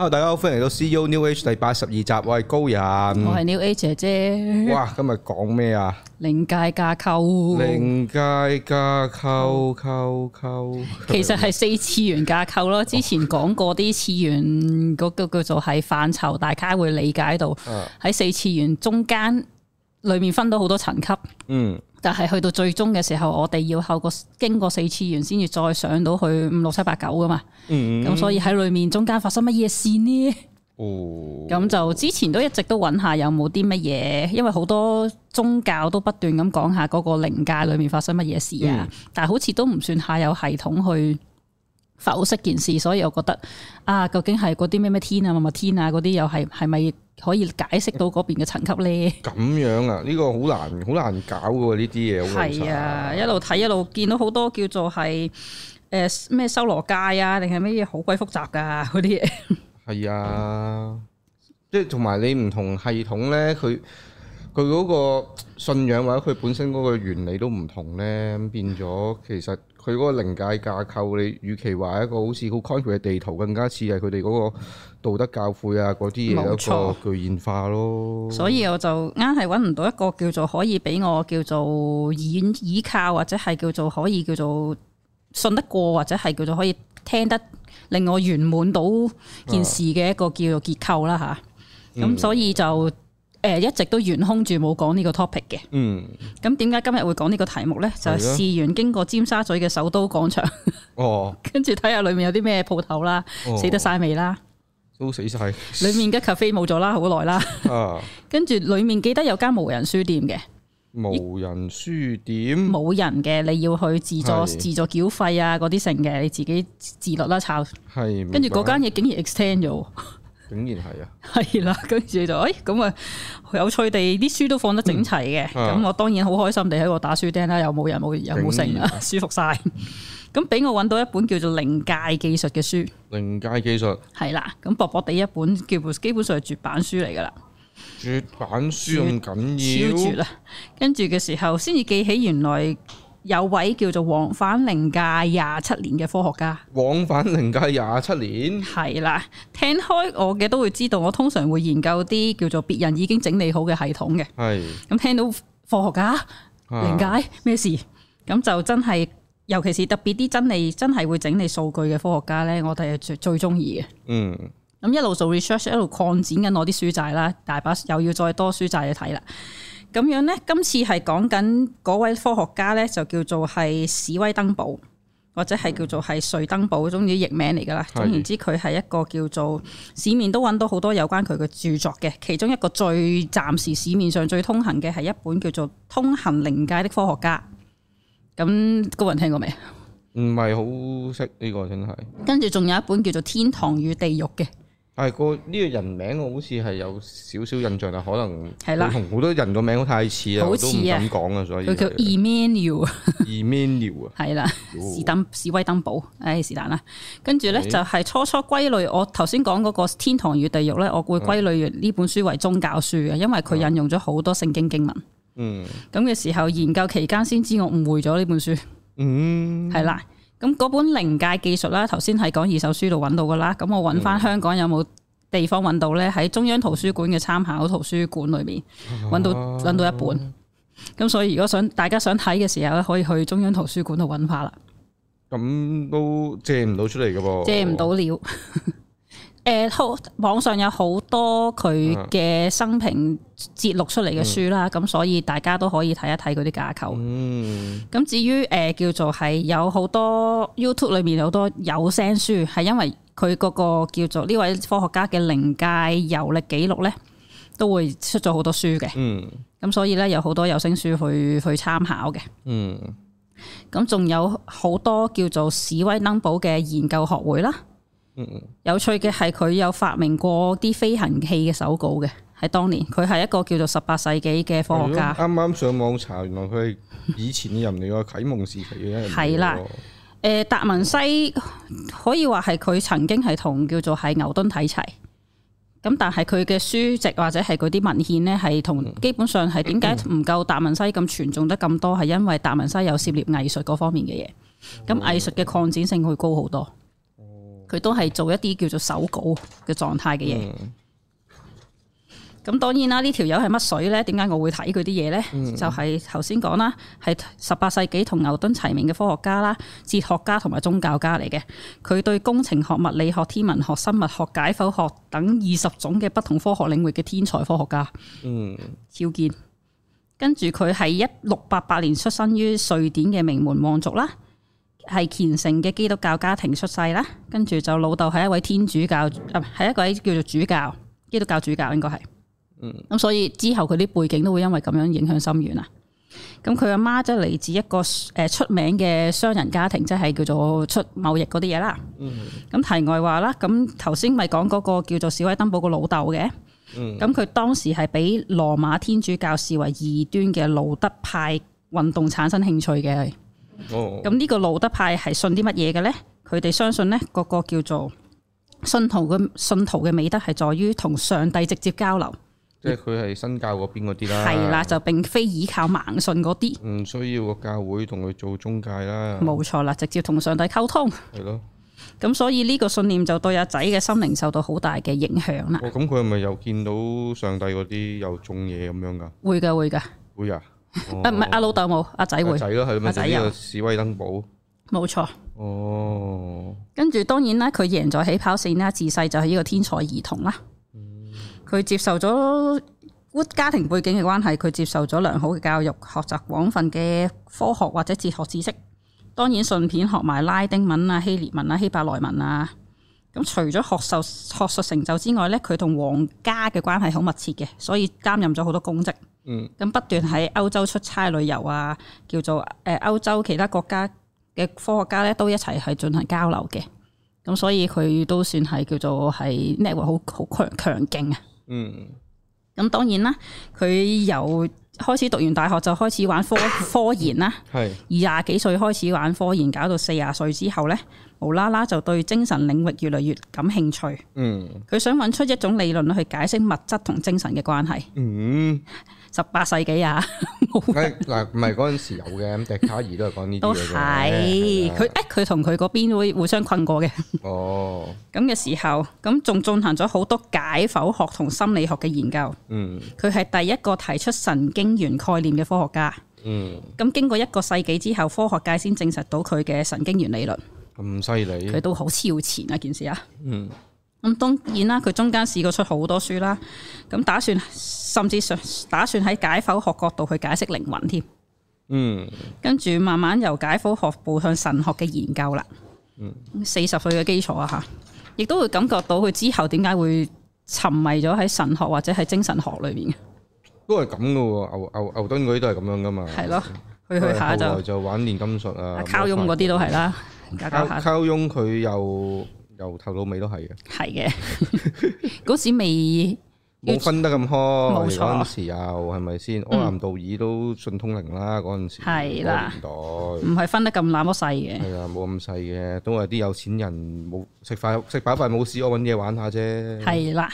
Hello 大家好，歡迎嚟到 CEO New Age 第八十二集，我係高人，我係 New Age 姐姐。哇，今日講咩啊？靈界架構，靈界架構，構構架。其實係四次元架構咯，之前講過啲次元嗰個叫做係範疇，大家會理解到。喺四次元中間裏面分到好多層級。嗯。但係去到最終嘅時候，我哋要透過經過四次元，先至再上到去五六七八九噶嘛。咁、嗯、所以喺裏面中間發生乜嘢事呢？咁、哦、就之前都一直都揾下有冇啲乜嘢，因為好多宗教都不斷咁講下嗰個靈界裏面發生乜嘢事啊。嗯、但係好似都唔算太有系統去。否識件事，所以我覺得啊，究竟係嗰啲咩咩天啊、乜乜天啊嗰啲，又係係咪可以解釋到嗰邊嘅層級咧？咁樣啊？呢個好難好難搞嘅喎，呢啲嘢係啊！一路睇一路見到好多叫做係誒咩修羅界啊，定係咩嘢好鬼複雜噶嗰啲嘢。係啊，即係同埋你唔同系統咧，佢佢嗰個信仰或者佢本身嗰個原理都唔同咧，咁變咗其實。佢嗰個靈界架構，你，與其話一個好似好 control 嘅地圖，更加似係佢哋嗰個道德教誨啊嗰啲嘢一個具現化咯。所以我就啱係揾唔到一個叫做可以俾我叫做依倚靠，或者係叫做可以叫做信得過或者係叫做可以聽得令我圓滿到件事嘅一個叫做結構啦吓，咁、啊嗯、所以就。誒、呃，一直都懸空住冇講呢個 topic 嘅。嗯。咁點解今日會講呢個題目呢？就係、是、試完經過尖沙咀嘅首都廣場。哦。跟住睇下裏面有啲咩鋪頭啦，哦、死得晒未啦？都死晒。裏面嘅 cafe 冇咗啦，好耐啦。跟住、啊、 裏面記得有間無人書店嘅。無人書店。冇人嘅，你要去自助是自助繳費啊，嗰啲成嘅，你自己自律啦抄。係是。跟住嗰間嘢竟然 extend 咗。竟然係啊！係啦，跟住就，誒、欸，咁啊，有趣地，啲書都放得整齊嘅。咁、嗯、我當然好開心地喺度打書釘啦，有冇人冇人冇剩啊，舒服晒。咁俾 我搵到一本叫做《靈界技術》嘅書，《靈界技術》係啦。咁薄薄地一本，叫基本上係絕版書嚟噶啦。絕版書咁緊要，啦！跟住嘅時候，先至記起原來。有位叫做往返靈界廿七年嘅科學家，往返靈界廿七年係啦，聽開我嘅都會知道，我通常會研究啲叫做別人已經整理好嘅系統嘅。係咁是聽到科學家靈界咩事，咁就真係，尤其是特別啲真係真係會整理數據嘅科學家呢，我哋係最最中意嘅。嗯，咁一路做 research，一路擴展緊我啲書債啦，大把又要再多書債去睇啦。咁樣呢，今次係講緊嗰位科學家呢，就叫做係史威登堡，或者係叫做係瑞登堡，總之譯名嚟噶啦。總言之，佢係一個叫做市面都揾到好多有關佢嘅著作嘅。其中一個最暫時市面上最通行嘅係一本叫做《通行靈界的科學家》。咁高人聽過未？唔係好識呢個真係。跟住仲有一本叫做《天堂與地獄》嘅。係個呢個人名我好似係有少少印象啊，可能係啦，同好多人個名太的都太似啊，好似我都唔敢講啊，所以佢叫 Emanuel Emanuel 啊，係啦、oh.，是但，史威登堡，唉，就是但啦。跟住咧就係初初歸類，我頭先講嗰個天堂與地獄咧，我會歸類完呢本書為宗教書嘅，因為佢引用咗好多聖經經文。嗯。咁嘅時候研究期間先知我誤會咗呢本書。嗯。係啦、嗯。咁嗰本《靈界技術》啦，頭先係講二手書度揾到噶啦，咁我揾翻香港有冇地方揾到咧？喺中央圖書館嘅參考圖書館裏面揾到到一本，咁、啊、所以如果想大家想睇嘅時候咧，可以去中央圖書館度揾翻啦。咁都借唔到出嚟噶噃，借唔到了，了。 誒，好，網上有好多佢嘅生平節錄出嚟嘅書啦，咁、嗯、所以大家都可以睇一睇嗰啲架構。咁、嗯、至於誒、呃、叫做係有好多 YouTube 裏面好多有聲書，係因為佢嗰個叫做呢位科學家嘅靈界遊歷記錄咧，都會出咗好多書嘅。咁、嗯、所以咧有好多有聲書去去參考嘅。咁仲、嗯、有好多叫做史威登堡嘅研究學會啦。有趣嘅係佢有發明過啲飛行器嘅手稿嘅，喺當年佢係一個叫做十八世紀嘅科學家。啱啱上網查，原來佢以前人類嘅啟蒙時期嘅一人。係啦的，呃、達文西可以話係佢曾經係同叫做喺牛頓睇齊。咁但係佢嘅書籍或者係嗰啲文獻呢，係同基本上係點解唔夠達文西咁傳頌得咁多？係因為達文西有涉獵藝術嗰方面嘅嘢，咁藝術嘅擴展性會高好多。佢都係做一啲叫做手稿嘅狀態嘅嘢。咁、嗯、當然啦，呢條友係乜水呢？點解我會睇佢啲嘢呢？嗯、就係頭先講啦，係十八世紀同牛頓齊名嘅科學家啦、哲學家同埋宗教家嚟嘅。佢對工程學、物理學、天文學、生物學、解剖學等二十種嘅不同科學領域嘅天才科學家，嗯，超健。跟住佢係一六八八年出生於瑞典嘅名門望族啦。係虔誠嘅基督教家庭出世啦，跟住就老豆係一位天主教，啊、嗯，係一位叫做主教，基督教主教應該係，嗯，咁、嗯、所以之後佢啲背景都會因為咁樣影響深遠啊。咁佢阿媽即係嚟自一個誒、呃、出名嘅商人家庭，即係叫做出貿易嗰啲嘢啦。咁、嗯、題外話啦，咁頭先咪講嗰個叫做史威登堡個老豆嘅，咁、嗯、佢、嗯、當時係俾羅馬天主教視為異端嘅路德派運動產生興趣嘅。哦，咁呢個路德派係信啲乜嘢嘅咧？佢哋相信咧，個個叫做信徒嘅信徒嘅美德係在於同上帝直接交流，即係佢係新教嗰邊嗰啲啦。係啦，就並非依靠盲信嗰啲，唔需要個教會同佢做中介啦。冇錯啦，直接同上帝溝通。係咯的，咁所以呢個信念就對阿仔嘅心靈受到好大嘅影響啦。咁佢係咪又見到上帝嗰啲又種嘢咁樣噶？會噶會噶會啊！誒，唔係阿老豆冇，阿仔會。仔咯，係咪呢個史威登堡？冇錯。錯哦。跟住當然啦，佢贏在起跑線啦，自細就係呢個天才兒童啦。佢、嗯、接受咗家庭背景嘅關係，佢接受咗良好嘅教育，學習廣泛嘅科學或者哲學知識。當然，順便學埋拉丁文啊、希臘文啊、希伯來文啊。咁除咗學受學術成就之外呢，佢同皇家嘅關係好密切嘅，所以擔任咗好多公職。咁不斷喺歐洲出差旅遊啊，叫做誒歐洲其他國家嘅科學家咧，都一齊去進行交流嘅。咁所以佢都算係叫做係 network 好好強強勁啊。嗯。咁當然啦，佢由開始讀完大學就開始玩科科研啦。係。二廿幾歲開始玩科研，搞到四廿歲之後咧，無啦啦就對精神領域越嚟越感興趣。嗯。佢想揾出一種理論去解釋物質同精神嘅關係。嗯。十八世紀啊，嗱 、哎，唔係嗰陣時有嘅， 笛卡爾都係講呢啲嘢都係是佢，誒的，佢同佢嗰邊會互相困過嘅。哦，咁嘅 時候，咁仲進行咗好多解剖學同心理學嘅研究。嗯，佢係第一個提出神經元概念嘅科學家。嗯，咁經過一個世紀之後，科學界先證實到佢嘅神經元理論。咁犀利！佢都好超前啊！件事啊。嗯。咁當然啦，佢中間試過出好多書啦，咁打算甚至想打算喺解剖學角度去解釋靈魂添，嗯，跟住慢慢由解剖學步向神學嘅研究啦，嗯，四十歲嘅基礎啊吓，亦都會感覺到佢之後點解會沉迷咗喺神學或者係精神學裏面嘅，都係咁噶喎牛牛牛頓啲都係咁樣噶嘛，係咯，去去下就就玩煉金術啊，靠翁嗰啲都係啦，靠靠翁佢又。由頭到尾都係嘅，係嘅，嗰時未冇分得咁開，冇錯。嗰陣時又係咪先？是是嗯、柯南道爾都信通靈啦，嗰陣時係啦，年代唔係分得咁那麼細嘅，係啊，冇咁細嘅，都係啲有錢人，冇食飯食飽飯冇事，我揾嘢玩下啫。係啦，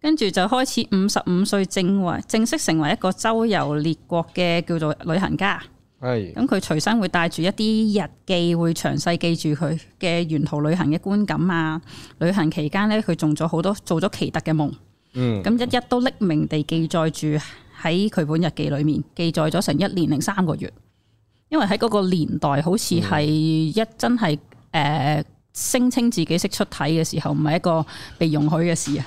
跟住就開始五十五歲正為正式成為一個周遊列國嘅叫做旅行家。係，咁佢隨身會帶住一啲日記，會詳細記住佢嘅沿途旅行嘅觀感啊。旅行期間咧，佢做咗好多做咗奇特嘅夢。嗯，咁一一都匿名地記載住喺佢本日記裏面，記載咗成一年零三個月。因為喺嗰個年代，好似係一真係，誒，聲稱自己識出體嘅時候，唔係一個被容許嘅事啊。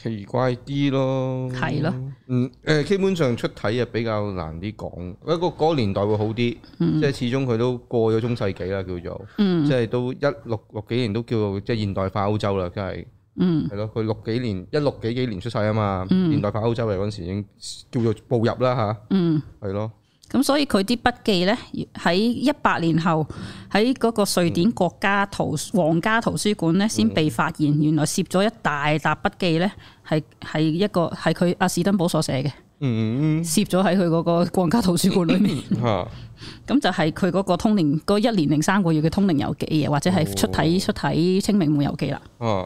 奇怪啲咯，係咯，嗯，誒，基本上出體啊比較難啲講，不過嗰年代會好啲，嗯、即係始終佢都過咗中世紀啦，叫做，即係、嗯、都一六六幾年都叫做即係、即係、現代化歐洲啦，梗係，係、嗯、咯，佢六幾年一六幾幾年出世啊嘛，現、嗯、代化歐洲嚟嗰陣時已經叫做步入啦嚇，係、嗯、咯。咁所以佢啲筆記呢，喺一百年後喺嗰個瑞典國家圖、嗯、皇家圖書館呢，先被發現。原來攝咗一大沓筆記呢，係係一個係佢阿史登堡所寫嘅，攝咗喺佢嗰個國家圖書館裏面。咁、嗯、 就係佢嗰個通靈一年零三個月嘅通靈遊記嘅或者係出體出體清明夢遊記啦。咁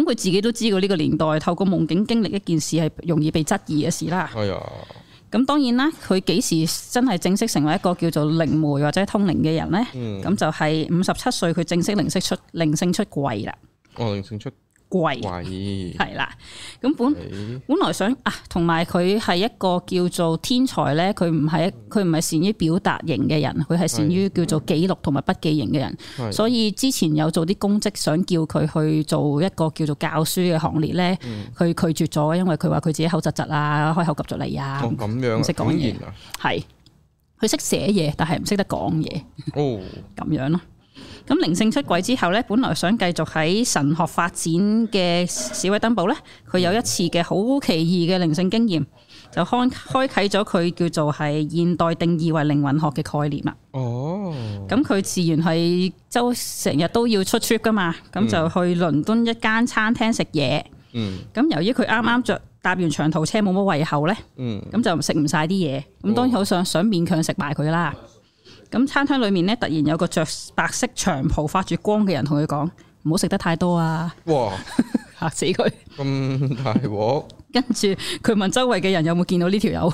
佢、嗯、自己都知道，呢個年代透過夢境經歷一件事係容易被質疑嘅事啦。哎呀！咁當然啦，佢幾時真係正式成為一個叫做靈媒或者通靈嘅人呢？咁、嗯、就係五十七歲，佢正式靈性出櫃、哦、靈性出櫃啦。貴係啦，咁本本來想啊，同埋佢係一個叫做天才咧，佢唔係佢唔係善於表達型嘅人，佢係善於叫做記錄同埋筆記型嘅人。的所以之前有做啲公職，想叫佢去做一個叫做教書嘅行列咧，佢的拒絕咗，因為佢話佢自己口窒窒啊，開口及咗嚟啊，咁樣唔識講嘢，係佢識寫嘢，但係唔識得講嘢，哦、 啊，咁樣咯。咁靈性出軌之後咧，本來想繼續喺神學發展嘅史威登堡咧，佢有一次嘅好奇異嘅靈性經驗，就開開啓咗佢叫做係現代定義為靈魂學嘅概念啦。哦，咁佢自然係周成日都要出 trip 㗎嘛，咁就去倫敦一間餐廳食嘢。嗯，咁由於佢啱啱著搭完長途車冇乜胃口咧，嗯，咁就食唔晒啲嘢，咁當然好想想勉強食埋佢啦。咁餐廳裏面咧，突然有個着白色長袍發住光嘅人同佢講：唔好食得太多啊！哇，嚇死佢咁大鑊！跟住佢問周圍嘅人有冇見到呢條友，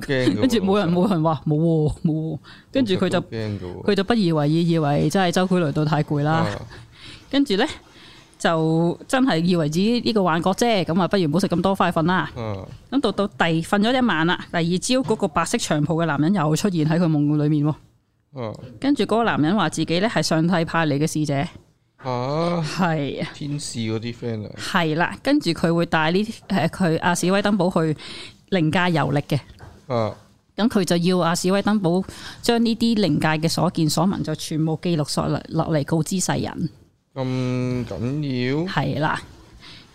跟住冇人冇人話冇喎冇喎。跟住佢就佢就不以為意，以為真係周圍來到太攰啦。跟住咧就真係以為自己呢個幻覺啫。咁啊，不如唔好食咁多，快瞓啦。嗯。咁到到第瞓咗一晚啦，第二朝嗰個白色長袍嘅男人又出現喺佢夢裏面喎。跟住嗰個男人話自己咧係上帝派嚟嘅使者，吓係啊，是天使嗰啲 friend 啊，係啦，跟住佢會帶呢啲佢阿史威登堡去靈界遊歷嘅，嗯、啊，咁佢就要阿、啊、史威登堡將呢啲靈界嘅所見所聞就全部記錄落嚟落嚟告知世人，咁緊要？係啦，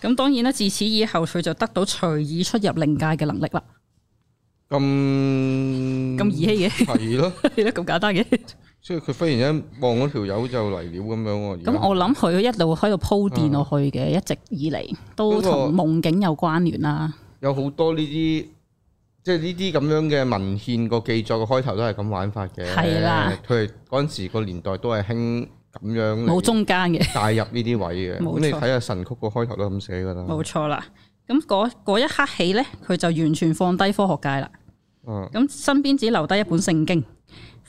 咁當然啦，自此以後佢就得到隨意出入靈界嘅能力啦。咁咁兒戲嘅，係咯，係咯，咁簡單嘅，所以佢忽然 一望嗰條友就嚟了咁樣。咁我諗佢一路喺度鋪墊落去嘅，一直以嚟都同夢境有關聯啦。有好多呢啲，即係呢啲咁樣嘅文獻個記載嘅開頭都係咁玩法嘅，係啦的。佢嗰陣時個年代都係興咁樣，冇中間嘅帶入呢啲位嘅。咁 錯你睇下神曲個開頭都咁寫噶啦，冇錯啦。咁嗰一刻起呢，佢就完全放低科學界啦。嗯、啊，咁身邊只留低一本聖經。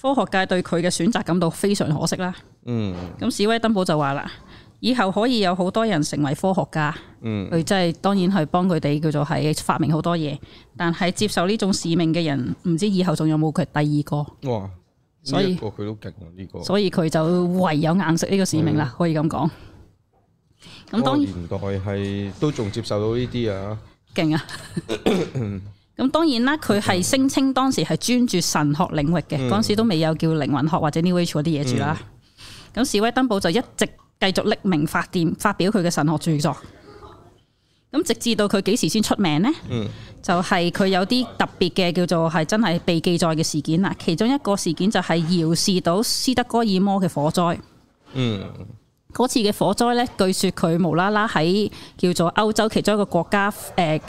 科學界對佢嘅選擇感到非常可惜啦。嗯，咁史威登堡就話啦，以後可以有好多人成為科學家。佢即係當然係幫佢哋叫做係發明好多嘢，但係接受呢種使命嘅人，唔知以後仲有冇佢第二個。哇！呢、這個佢都勁呢個。所以佢就唯有硬食呢個使命啦，嗯、可以咁講。咁年代係都仲接受到呢啲啊，勁啊！咁 當然啦，佢係聲稱當時係專注神學領域嘅，嗰、嗯、時都未有叫靈魂學或者 New Age 嗰啲嘢住啦。咁、嗯《示威登堡》就一直繼續匿名發電發表佢嘅神學著作，咁直至到佢幾時先出名呢？嗯、就係佢有啲特別嘅叫做係真係被記載嘅事件啦。其中一個事件就係遙視到斯德哥爾摩嘅火災。嗯。嗰次嘅火災咧，據說佢無啦啦喺叫做歐洲其中一個國家誒、呃、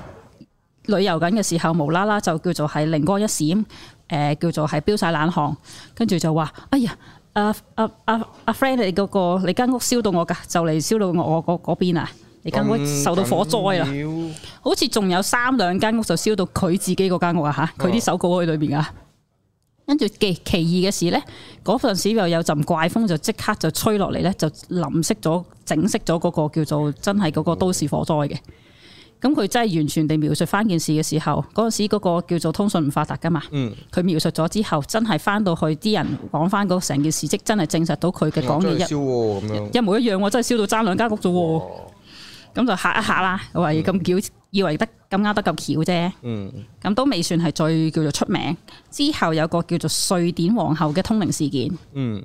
旅遊緊嘅時候，無啦啦就叫做係靈光一閃，誒、呃、叫做係飆晒冷汗，跟住就話：哎呀，阿阿阿阿 friend，你嗰、嗰個你間屋燒到我㗎，就嚟燒到我我嗰邊啊！你間屋受到火災啦，嗯、好似仲有三兩間屋就燒到佢自己嗰間屋啊！嚇，佢啲手稿喺裏邊啊。哦。跟住奇其異嘅事呢，嗰陣時又有陣怪風就即刻就吹落嚟咧，就淋熄咗、整熄咗嗰個叫做真係嗰個都市火災嘅。咁佢真係完全地描述翻件事嘅時候，嗰陣時嗰個叫做通訊唔發達噶嘛。佢、嗯、描述咗之後，真係翻到去啲人講翻嗰成件事跡，真係證實到佢嘅講嘢一。嗯喔、一一一模一樣，我真係燒到爭兩間屋啫。咁哇、嗯、就吓一吓啦，我話咁叫以為得。咁啱得咁巧啫，咁、嗯、都未算係最叫做出名。之後有個叫做瑞典皇后嘅通靈事件，咁、嗯、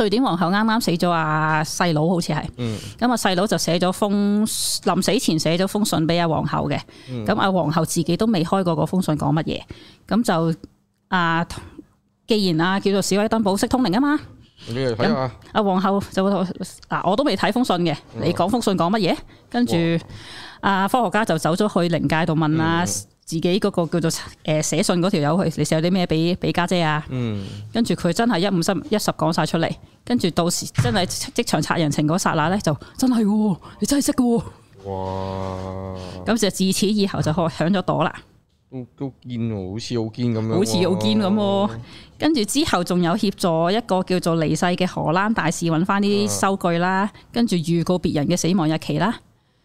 瑞典皇后啱啱死咗啊，細佬好似係，咁啊細佬就寫咗封臨死前寫咗封信俾阿皇后嘅，咁啊、嗯、皇后自己都未開過嗰封信講乜嘢，咁就啊既然啊叫做史威登堡式通靈啊嘛。睇下，阿皇、啊、后就嗱，我都未睇封信嘅。你講封信講乜嘢？跟住阿科學家就走咗去靈界度問啊，嗯、自己嗰個叫做誒、呃、寫信嗰條友去，你寫啲咩俾俾家姐啊？嗯，跟住佢真係一五、十、一十講晒出嚟。跟住到時真係即場拆人情嗰剎那咧，就 真係嘅、哦，你真係識嘅。哇！咁就自此以後就開響咗朵啦。都堅，好似好堅咁樣。好似好堅咁，跟住之後仲有協助一個叫做離世嘅荷蘭大使揾翻啲收據啦，跟住預告別人嘅死亡日期啦。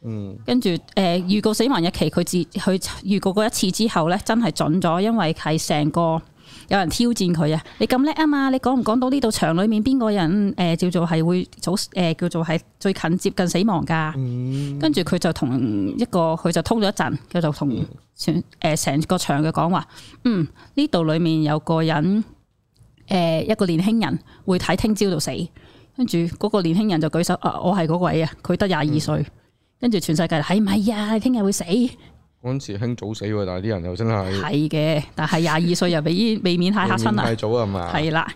嗯，跟住誒，預、呃、告死亡日期佢自佢預告過一次之後呢，真係準咗，因為係成個。有人挑戰佢啊！你咁叻啊嘛！你講唔講到呢度場裏面邊個人？誒、呃呃、叫做係會早誒叫做係最近接近死亡噶。嗯、跟住佢就同一個佢就通咗一陣，佢就同全誒成、呃、個場嘅講話。嗯，呢度裏面有個人誒、呃、一個年輕人會睇聽朝度死。跟住嗰個年輕人就舉手啊、呃！我係嗰位啊！佢得廿二歲。嗯、跟住全世界、就係，哎，唔係啊！你聽日會死。嗰陣時興早死喎，但係啲人又真係係嘅，但係廿二歲又未，未免太嚇親啦。太早係嘛？係啦，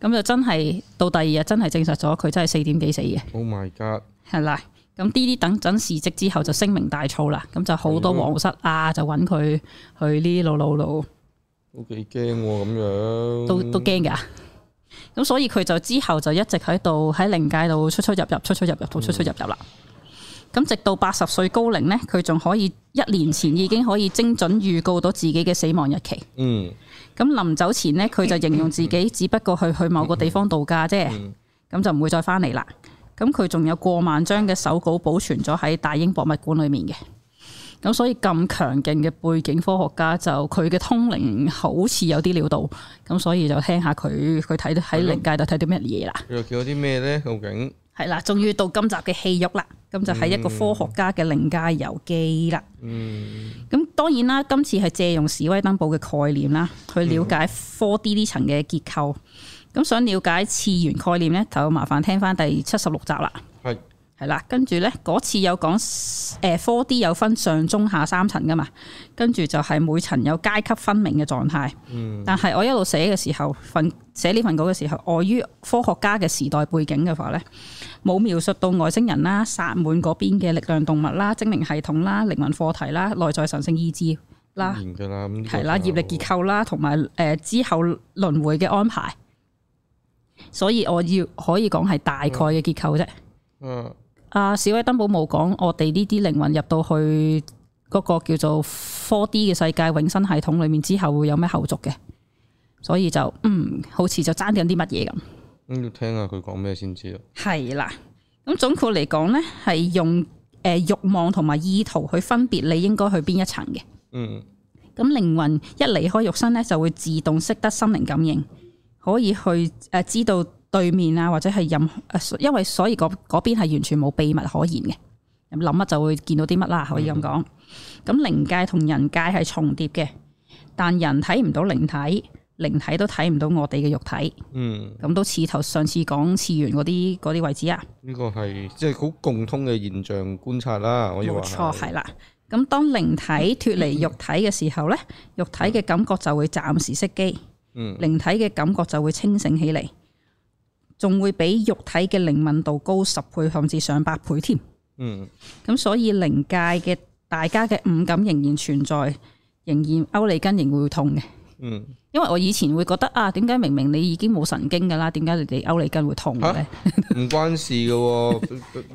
咁就真係到第二日真係證實咗佢真係四點幾死嘅。Oh my god！係啦，咁啲啲等陣事蹟之後就聲名大噪啦，咁就好多皇室啊，的就揾佢去呢老老老。都幾驚喎咁樣。都都驚㗎，咁所以佢就之後就一直喺度喺靈界度出出入入出出入入到出出入入啦。出出入入咁直到八十歲高齡呢，佢仲可以一年前已經可以精準預告到自己嘅死亡日期。嗯。咁臨走前呢，佢就形容自己，嗯、只不過去去某個地方度假啫，咁、嗯、就唔會再翻嚟啦。咁佢仲有過萬張嘅手稿保存咗喺大英博物館裏面嘅。咁所以咁強勁嘅背景科學家就佢嘅通靈好似有啲料到，咁所以就聽下佢佢睇到喺靈界度睇到咩嘢啦。嗯、佢又叫到啲咩呢？究竟？係啦，終於到今集嘅戲肉啦，咁就係一個科學家嘅靈界遊記啦。咁、嗯、當然啦，今次係借用史威登堡嘅概念啦，去了解科 D 呢層嘅結構。咁、嗯、想了解次元概念呢，就麻煩聽翻第七十六集啦。係啦，跟住咧，嗰次有講誒 4D 有分上中下三層噶嘛，跟住就係每層有階級分明嘅狀態。但係我一路寫嘅時候，份寫呢份稿嘅時候，礙於科學家嘅時代背景嘅話咧，冇描述到外星人啦、撒滿嗰邊嘅力量動物啦、精靈系統啦、靈魂課題啦、內在神聖意志啦。係、嗯嗯嗯、啦，業力結構啦，同埋誒之後輪迴嘅安排。所以我要可以講係大概嘅結構啫、嗯。嗯。啊！史威登堡冇講我哋呢啲靈魂入到去嗰個叫做 Four D 嘅世界永生系統裏面之後會有咩後續嘅。所以就嗯，好似就爭緊啲乜嘢咁。咁要聽下佢講咩先知啊。係啦，咁總括嚟講呢係用誒欲、呃、望同埋意圖去分別你應該去邊一層嘅。嗯。咁靈魂一離開肉身呢，就會自動識得心靈感應，可以去誒、呃、知道。對面啊，或者係任誒，因為所以嗰嗰邊係完全冇秘密可言嘅。諗乜就會見到啲乜啦，可以咁講。咁、嗯、靈界同人界係重疊嘅，但人睇唔到靈體，靈體都睇唔到我哋嘅肉體。嗯，咁都似頭上次講次元嗰啲嗰啲位置啊？呢個係即係好共通嘅現象觀察啦。我冇錯，係啦。咁當靈體脫離肉體嘅時候呢，嗯嗯、肉體嘅感覺就會暫時熄機。嗯，靈體嘅感覺就會清醒起嚟。仲會比肉體嘅靈敏度高十倍甚至上百倍添。嗯，咁所以靈界嘅大家嘅五感仍然存在，仍然勾脷根，仍然會痛嘅。嗯，因為我以前會覺得啊，點解明明你已經冇神經㗎啦，點解你哋勾脷根會痛嘅咧？唔、啊、 關事嘅喎，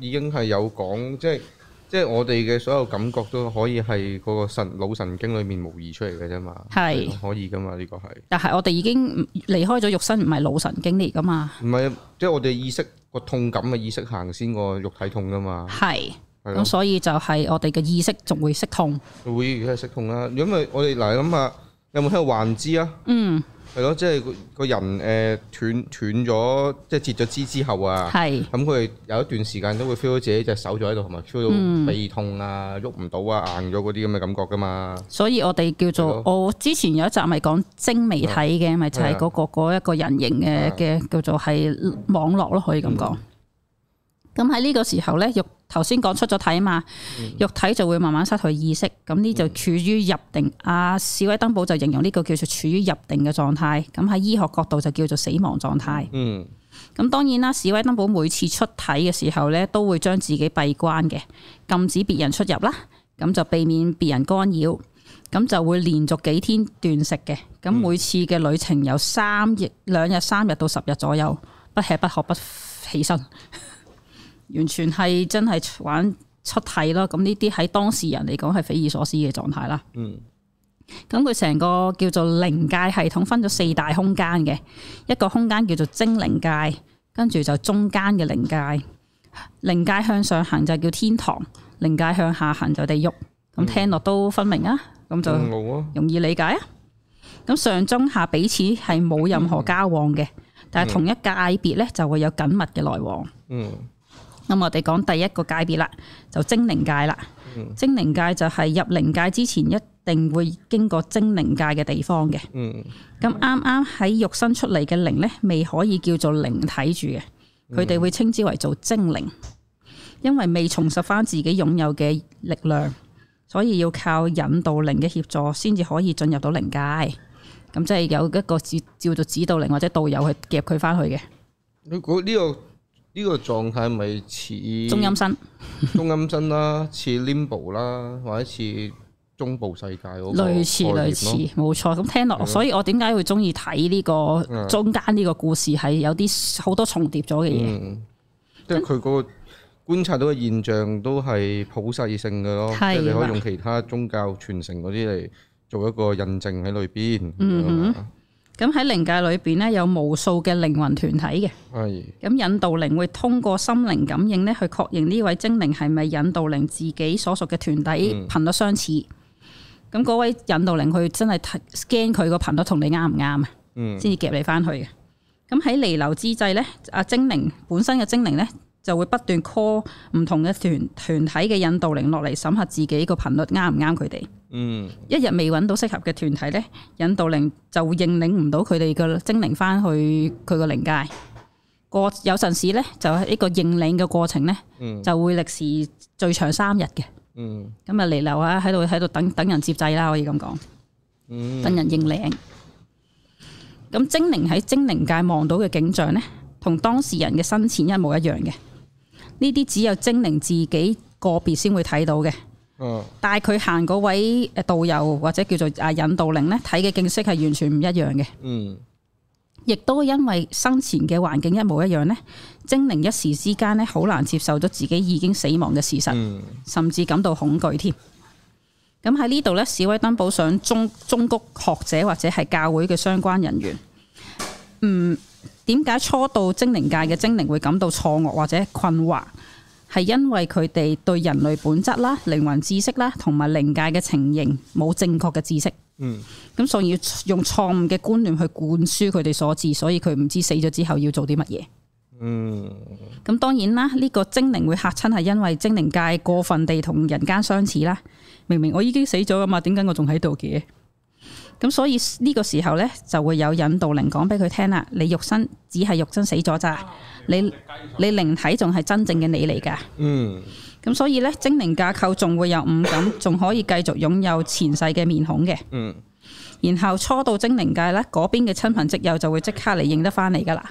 已經係有講即係。就是即係我哋嘅所有感覺都可以係嗰個神腦神經裏面模擬出嚟嘅啫嘛，係是可以噶嘛呢，這個係。但係我哋已經離開咗肉身，唔係腦神經嚟噶嘛。唔係，即係我哋意識個痛感嘅意識行先個肉體痛噶嘛。係是，咁的所以就係我哋嘅意識仲會識痛。會，佢係識痛啦。因為我哋嗱諗下，有冇聽幻肢啊？嗯。係咯，即係個人誒，斷斷咗，即係截咗肢之後啊，咁佢是有一段時間都會 feel 到自己隻手咗喺度，同埋 feel 到鼻痛啊、喐唔到啊、硬咗嗰啲咁嘅感覺噶嘛。所以我哋叫做了我之前有一集咪講精微體嘅，咪了就係嗰個嗰一個人形嘅嘅叫做係網絡咯，可以咁講。咁喺呢個時候咧，又。頭先講出咗體嘛，肉體就會慢慢失去意識，咁呢就處於入定。阿史威登堡就形容呢個叫做處於入定嘅狀態，咁喺醫學角度就叫做死亡狀態。嗯，咁當然啦，史威登堡每次出體嘅時候呢，都會將自己閉關嘅，禁止別人出入啦，咁就避免別人干擾，咁就會連續幾天斷食嘅，咁每次嘅旅程有三日、兩日、三日到十日左右，不吃不喝不起身。 完全係真係玩出體咯，咁呢啲喺當事人嚟講係匪夷所思嘅狀態啦。嗯，咁佢成個叫做靈界系統分咗四大空間嘅，一個空間叫做精靈界，跟住就中間嘅靈界，靈界向上行就叫天堂，靈界向下行就地獄。咁聽落都分明啊，咁、嗯、就容易理解啊。咁、嗯、上中下彼此係冇任何交往嘅，嗯嗯、但係同一界別咧就會有緊密嘅來往。嗯。嗯咁我哋講第一個界別啦，就精靈界啦。嗯、精靈界就係入靈界之前，一定會經過精靈界嘅地方嘅。咁啱啱喺肉身出嚟嘅靈呢，未可以叫做靈體住嘅，佢哋會稱之為做精靈，因為未重拾翻自己擁有嘅力量，所以要靠引導靈嘅協助，先至可以進入到靈界。咁即係有一個叫叫做指導靈或者導遊去夾佢翻去嘅。你嗰呢個？呢個狀態咪似中陰身，中陰身啦，似 limbo 啦，或者似中部世界嗰個類似類似，冇錯。咁聽落，嗯、所以我點解會中意睇呢個中間呢個故事，係有啲好多重疊咗嘅嘢。即係佢嗰個觀察到嘅現象都係普世性嘅咯，嗯、即係你可以用其他宗教傳承嗰啲嚟做一個印證喺裏邊。嗯，嗯咁喺靈界裏邊咧，有無數嘅靈魂團體嘅。係是。咁引導靈會通過心靈感應咧，去確認呢位精靈係咪引導靈自己所屬嘅團體頻率相似。咁嗰、嗯、位引導靈、嗯、去真係 scan 佢個頻率同你啱唔啱啊？先至夾你翻去嘅。咁喺彌留之際咧，阿精靈本身嘅精靈咧。就會不斷 call 唔同嘅團團體嘅引導靈落嚟審核自己個頻率啱唔啱佢哋？合合嗯，一日未揾到適合嘅團體咧，引導靈就會認領唔到佢哋嘅精靈翻去佢個靈界。過有陣時咧，就係一個認領嘅過程咧，嗯、就會歷時最長三日嘅。嗯，咁啊，嚟留下喺度喺度等等人接濟啦，可以咁講。嗯、等人認領。咁精靈喺精靈界望到嘅景象咧，同當事人嘅生前一模一樣嘅。呢啲只有精靈自己個別先會睇到嘅。哦、但係佢行嗰位誒，導遊或者叫做啊引導靈呢，睇嘅景色係完全唔一樣嘅，亦、嗯、都因為生前嘅環境一模一樣呢，精靈一時之間呢，好難接受咗自己已經死亡嘅事實，甚至感到恐懼添。咁喺呢度呢，史威登堡上、中中谷學者或者係教會嘅相關人員，嗯。點解初到精靈界嘅精靈會感到錯愕或者困惑？係因為佢哋對人類本質啦、靈魂知識啦，同埋靈界嘅情形冇正確嘅知識。嗯。咁所以用錯誤嘅觀念去灌輸佢哋所致，所以佢唔知死咗之後要做啲乜嘢。嗯。咁當然啦，呢個精靈會吓親係因為精靈界過分地同人間相似啦。明明我已經死咗啊嘛，點解我仲喺度嘅？咁所以呢個時候呢，就會有引導靈講俾佢聽啦。你肉身只係肉身死咗咋，你你靈體仲係真正嘅你嚟噶。嗯。咁所以呢，靈界架構仲會有五感，仲可以繼續擁有前世嘅面孔嘅。嗯。Mm. 然後初到靈界呢，嗰邊嘅親朋戚友就會即刻嚟認得翻你噶啦。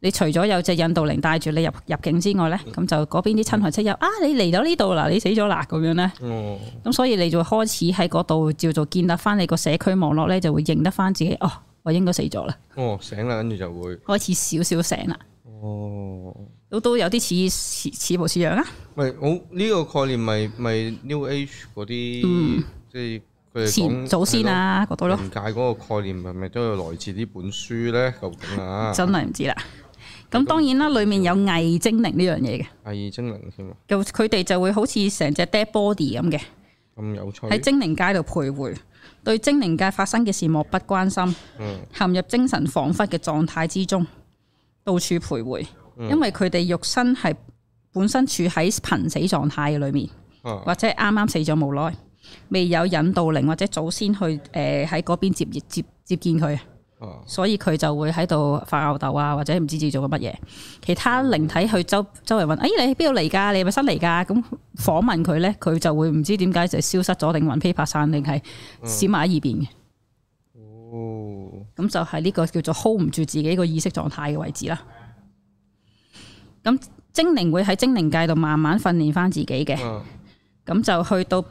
你除咗有隻引導靈帶住你入入境之外咧，咁、嗯、就嗰邊啲親朋戚友啊，你嚟到呢度啦，你死咗啦咁樣咧。哦，咁所以你就開始喺嗰度叫做建立翻你個社區網絡咧，就會認得翻自己哦，我應該死咗啦。哦，醒啦，跟住就會開始少少醒啦。哦都，都都有啲似似似模似樣啊。喂、嗯，我呢個，個概念咪咪 New Age 嗰啲，即係佢講祖先啊嗰度咯。界嗰個概念係咪都有來自呢本書咧，究竟啊？真係唔知啦。咁當然啦，裡面有偽精靈呢樣嘢嘅，偽精靈添嘛，佢哋就會好似成隻 dead body 咁嘅，咁有趣喺精靈界度徘徊，對精靈界發生嘅事漠不關心，陷入精神恍惚嘅狀態之中，到處徘徊，因為佢哋肉身係本身處喺瀕死狀態嘅裏面，啊、或者啱啱死咗冇耐，未有引導靈或者祖先去誒喺嗰邊接接接，接見佢。所以佢就會喺度發吽哣啊，或者唔知自己做緊乜嘢。其他靈體去周周圍問，哎，你喺邊度嚟噶？你係咪新嚟噶？咁訪問佢咧，佢就會唔知點解就消失咗，定魂飛魄散，定係閃埋耳邊嘅。咁、嗯哦、就係呢個叫做 hold 唔住自己個意識狀態嘅位置啦。咁精靈會喺精靈界度慢慢訓練翻自己嘅。咁、嗯、就去到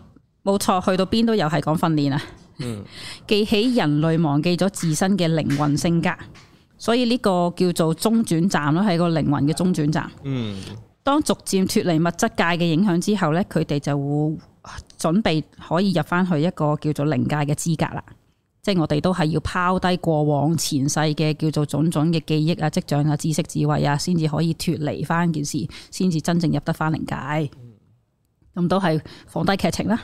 冇錯，去到邊都有係講訓練啊。嗯，記起人類忘記咗自身嘅靈魂性格，所以呢個叫做中轉站啦，係個靈魂嘅中轉站。嗯，當逐漸脫離物質界嘅影響之後呢，佢哋就會準備可以入翻去一個叫做靈界嘅資格啦。即係我哋都係要拋低過往前世嘅叫做種種嘅記憶啊、跡象啊、知識智慧啊，先至可以脫離翻件事，先至真正入得翻靈界。咁都係放低劇情啦。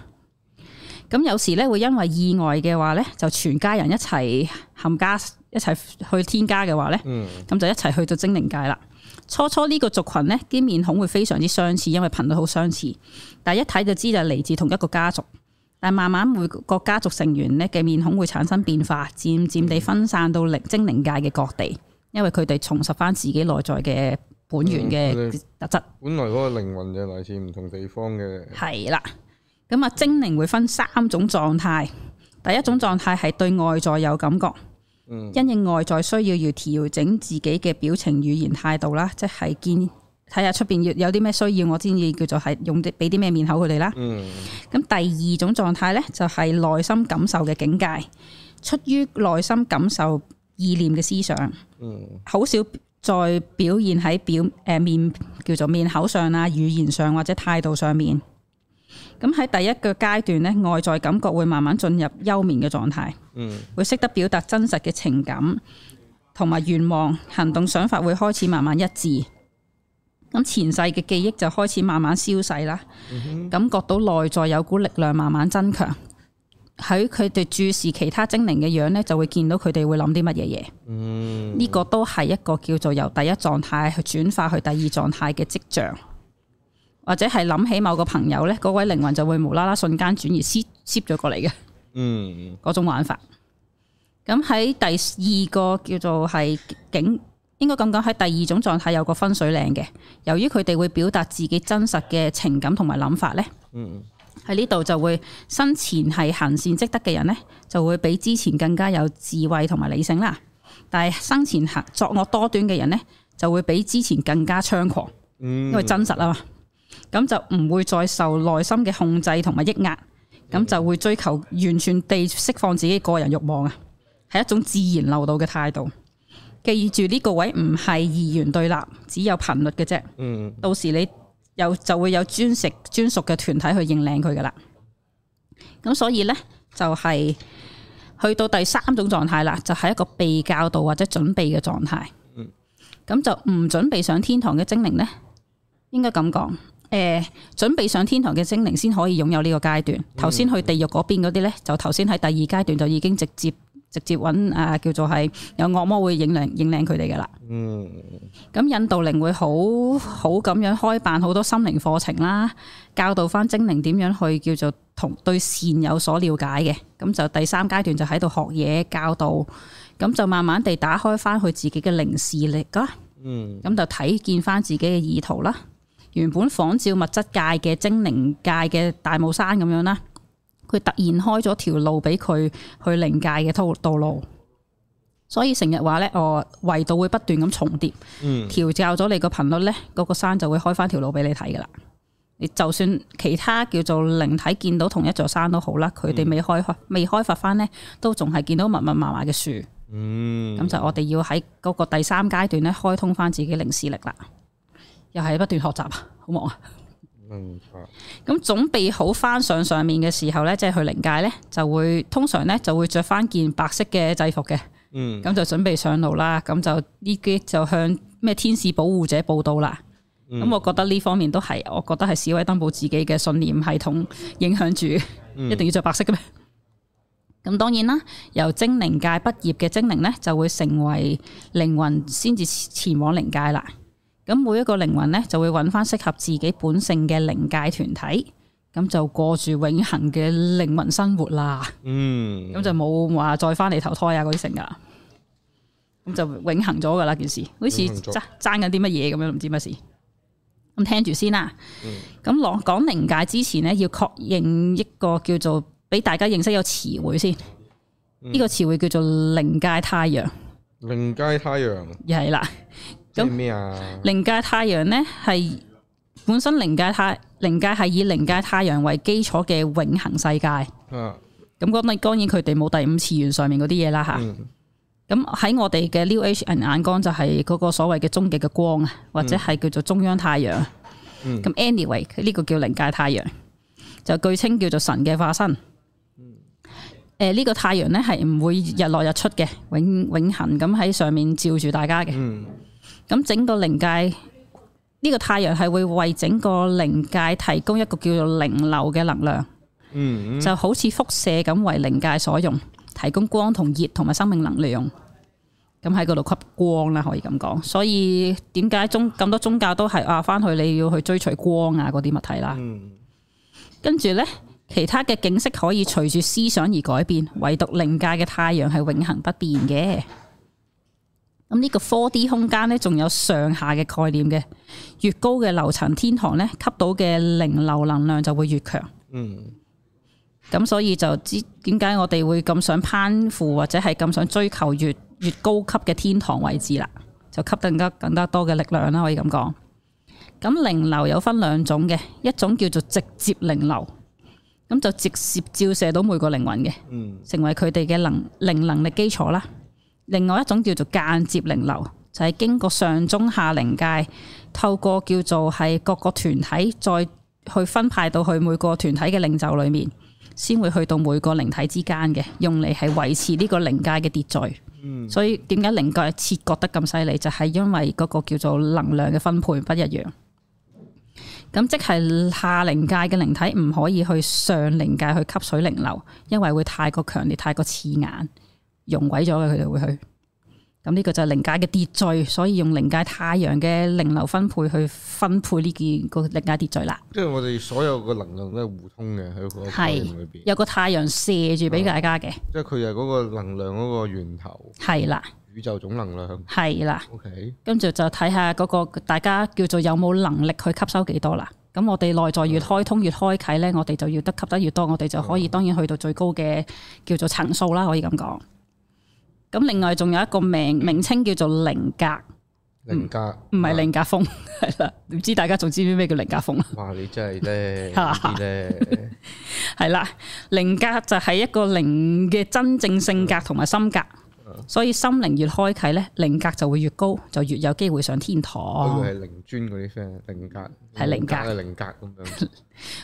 咁有時咧會因為意外嘅話咧，就全家人一齊冚家一齊去添加嘅話咧，咁、嗯、就一齊去到精靈界啦。初初呢個族群呢，啲面孔會非常之相似，因為頻率好相似，但係一睇就知就嚟自同一個家族。但係慢慢每個家族成員咧嘅面孔會產生變化，漸漸地分散到靈精靈界嘅各地，因為佢哋重拾翻自己內在嘅本源嘅特質。嗯、本來嗰個靈魂就嚟自唔同地方嘅，係啦。咁啊，精靈會分三種狀態。第一種狀態係對外在有感覺，嗯、因應外在需要要調整自己嘅表情、語言、態度啦，即係見睇下出邊要有啲咩需要，我先至叫做係用啲俾啲咩面口佢哋啦。咁、嗯、第二種狀態咧就係、係、內心感受嘅境界，出於內心感受意念嘅思想，好少再表現喺表誒、呃、面叫做面口上啊，語言上或者態度上面。咁喺第一個階段呢，外在感覺會慢慢進入休眠嘅狀態，會識得表達真實嘅情感同埋願望，行動想法會開始慢慢一致。咁前世嘅記憶就開始慢慢消逝啦，感覺到內在有股力量慢慢增強。喺佢哋注視其他精靈嘅樣呢，就會見到佢哋會諗啲乜嘢嘢。呢、嗯、個都係一個叫做由第一狀態去轉化去第二狀態嘅跡象。或者係諗起某個朋友呢，嗰位靈魂就會無啦啦瞬間轉移、攝咗過嚟嘅，嗯，嗰種玩法。咁喺第二個叫做係境，應該咁講，喺第二種狀態有個分水嶺嘅。由於佢哋會表達自己真實嘅情感同埋諗法呢，喺呢度就會生前係行善積德嘅人呢就會比之前更加有智慧同埋理性啦。但係生前行作惡多端嘅人呢就會比之前更加猖狂，因為真實啊嘛。咁就唔會再受內心嘅控制同埋抑壓，咁就會追求完全地釋放自己個人欲望啊！係一種自然流動嘅態度。記住呢個位唔係二元對立，只有頻率嘅啫。嗯，到時你又就會有專食專屬嘅團體去認領佢噶啦。咁所以呢，就係、是、去到第三種狀態啦，就係、是、一個被教導或者準備嘅狀態。嗯，咁就唔準備上天堂嘅精靈呢？應該咁講。誒，準備上天堂嘅精靈先可以擁有呢個階段。頭先、嗯、去地獄嗰邊嗰啲呢，就頭先喺第二階段就已經直接直接揾啊，叫做係有惡魔會影領影領佢哋噶啦。嗯。咁引導靈會好好咁樣開辦好多心靈課程啦，教導翻精靈點樣去叫做同對善有所了解嘅。咁就第三階段就喺度學嘢教導，咁就慢慢地打開翻佢自己嘅靈視力噶。嗯。咁就睇見翻自己嘅意圖啦。嗯嗯。原本仿照物質界嘅精靈界嘅大帽山咁樣啦，佢突然開咗條路俾佢去靈界嘅道道路，所以成日話咧，哦，維度會不斷咁重疊，調教咗你個頻率咧，嗰、嗰個山就會開翻條路俾你睇噶啦。你就算其他叫做靈體見到同一座山都好啦，佢哋未開開未開發翻咧，都仲係見到密密麻麻嘅樹。嗯，咁就我哋要喺嗰個第三階段咧，開通翻自己靈視力啦。又係不斷學習，好忙啊！明白。咁、嗯、準備好翻上上面嘅時候咧，即、就、係、是、去靈界咧，就會通常咧就會着翻件白色嘅制服嘅。嗯。咁就準備上路啦，咁就呢啲就向咩天使保護者報道啦。咁、嗯、我覺得呢方面都係，我覺得係史威登堡自己嘅信念系統影響住，一定要着白色嘅咩？咁、嗯、當然啦，由精靈界畢業嘅精靈咧，就會成為靈魂，先至前往靈界啦。咁每一個靈魂咧，就會揾翻適合自己本性嘅靈界團體，咁就過住永恒嘅靈魂生活啦。嗯，咁就冇話再翻嚟投胎啊嗰啲性噶，咁就永恒咗噶啦件事，好似爭爭緊啲乜嘢咁樣，唔知乜事。咁聽住先啦。咁講講靈界之前咧，要確認一個叫做俾大家認識一個詞彙先，呢、嗯、個詞彙叫做靈界太陽。靈界太陽，係、嗯、啦。咁咩啊？靈界太陽咧係本身靈界，界，界太靈界係以靈界太陽為基礎嘅永恒世界。咁咁咪，當然佢哋冇第五次元上面嗰啲嘢啦吓。咁喺、嗯、我哋嘅 New Age 人眼光就係嗰個所謂嘅終極嘅光啊，或者係叫做中央太陽。咁、嗯、Anyway，呢個叫靈界太陽，就據稱叫做神嘅化身。誒、嗯，呢、呃這個太陽咧係唔會日落日出嘅永永恒咁喺上面照住大家嘅。嗯咁整個靈界呢個太陽係會為整個靈界提供一個叫做靈流嘅能量，嗯，就好似輻射咁為靈界所用，提供光同熱同埋生命能量。咁喺嗰度吸光啦，可以咁講。所以點解宗咁多宗教都係啊？返去你要去追隨光啊嗰啲物體啦。嗯、跟住呢，其他嘅景色可以隨住思想而改變，唯獨靈界嘅太陽係永恒不變嘅。咁呢個 4D 空間咧，仲有上下嘅概念嘅，越高嘅樓層天堂咧，吸到嘅靈流能量就會越強。嗯，咁所以就知點解我哋會咁想攀附或者係咁想追求越越高級嘅天堂位置啦，就吸得更更加多嘅力量啦，可以咁講。咁靈流有分兩種嘅，一種叫做直接靈流，咁就直接照射到每個靈魂嘅，嗯，成為佢哋嘅能靈能力基礎啦。另外一種叫做間接靈流，就係、是、經過上、中、下靈界，透過叫做係各個團體，再去分派到去每個團體嘅領袖裏面，先會去到每個靈體之間嘅，用嚟係維持呢個靈界嘅秩序。嗯、所以點解靈界切割得咁犀利，就係、是、因為嗰個叫做能量嘅分配不一樣。咁即係下靈界嘅靈體唔可以去上靈界去吸水靈流，因為會太過強烈、太過刺眼。融鬼咗嘅佢哋會去，咁呢個就係靈界嘅秩序，所以用靈界太陽嘅靈流分配去分配呢件個靈界秩序啦。即係我哋所有個能量都係互通嘅，喺是個系統裏邊，有個太陽射住俾大家嘅、嗯。即係佢就係嗰個能量嗰個源頭。係啦。宇宙總能量。係啦。OK。跟住就睇下嗰個大家叫做有冇能力去吸收幾多啦。咁我哋內在越開通越開啓咧，的我哋就越得吸得越多，我哋就可以當然去到最高嘅叫做層數啦，可以咁講。咁另外仲有一個名名稱叫做靈格，靈格唔係靈格風係啦，唔哇 知大家仲知唔知咩叫靈格風啦？哇！你真係叻，係啦， 靈 格就係一個靈嘅真正性格同埋心格。所以心靈越開啟咧，靈格就會越高，就越有機會上天堂。佢係靈尊嗰啲 friend，靈格係靈格，靈格咁樣。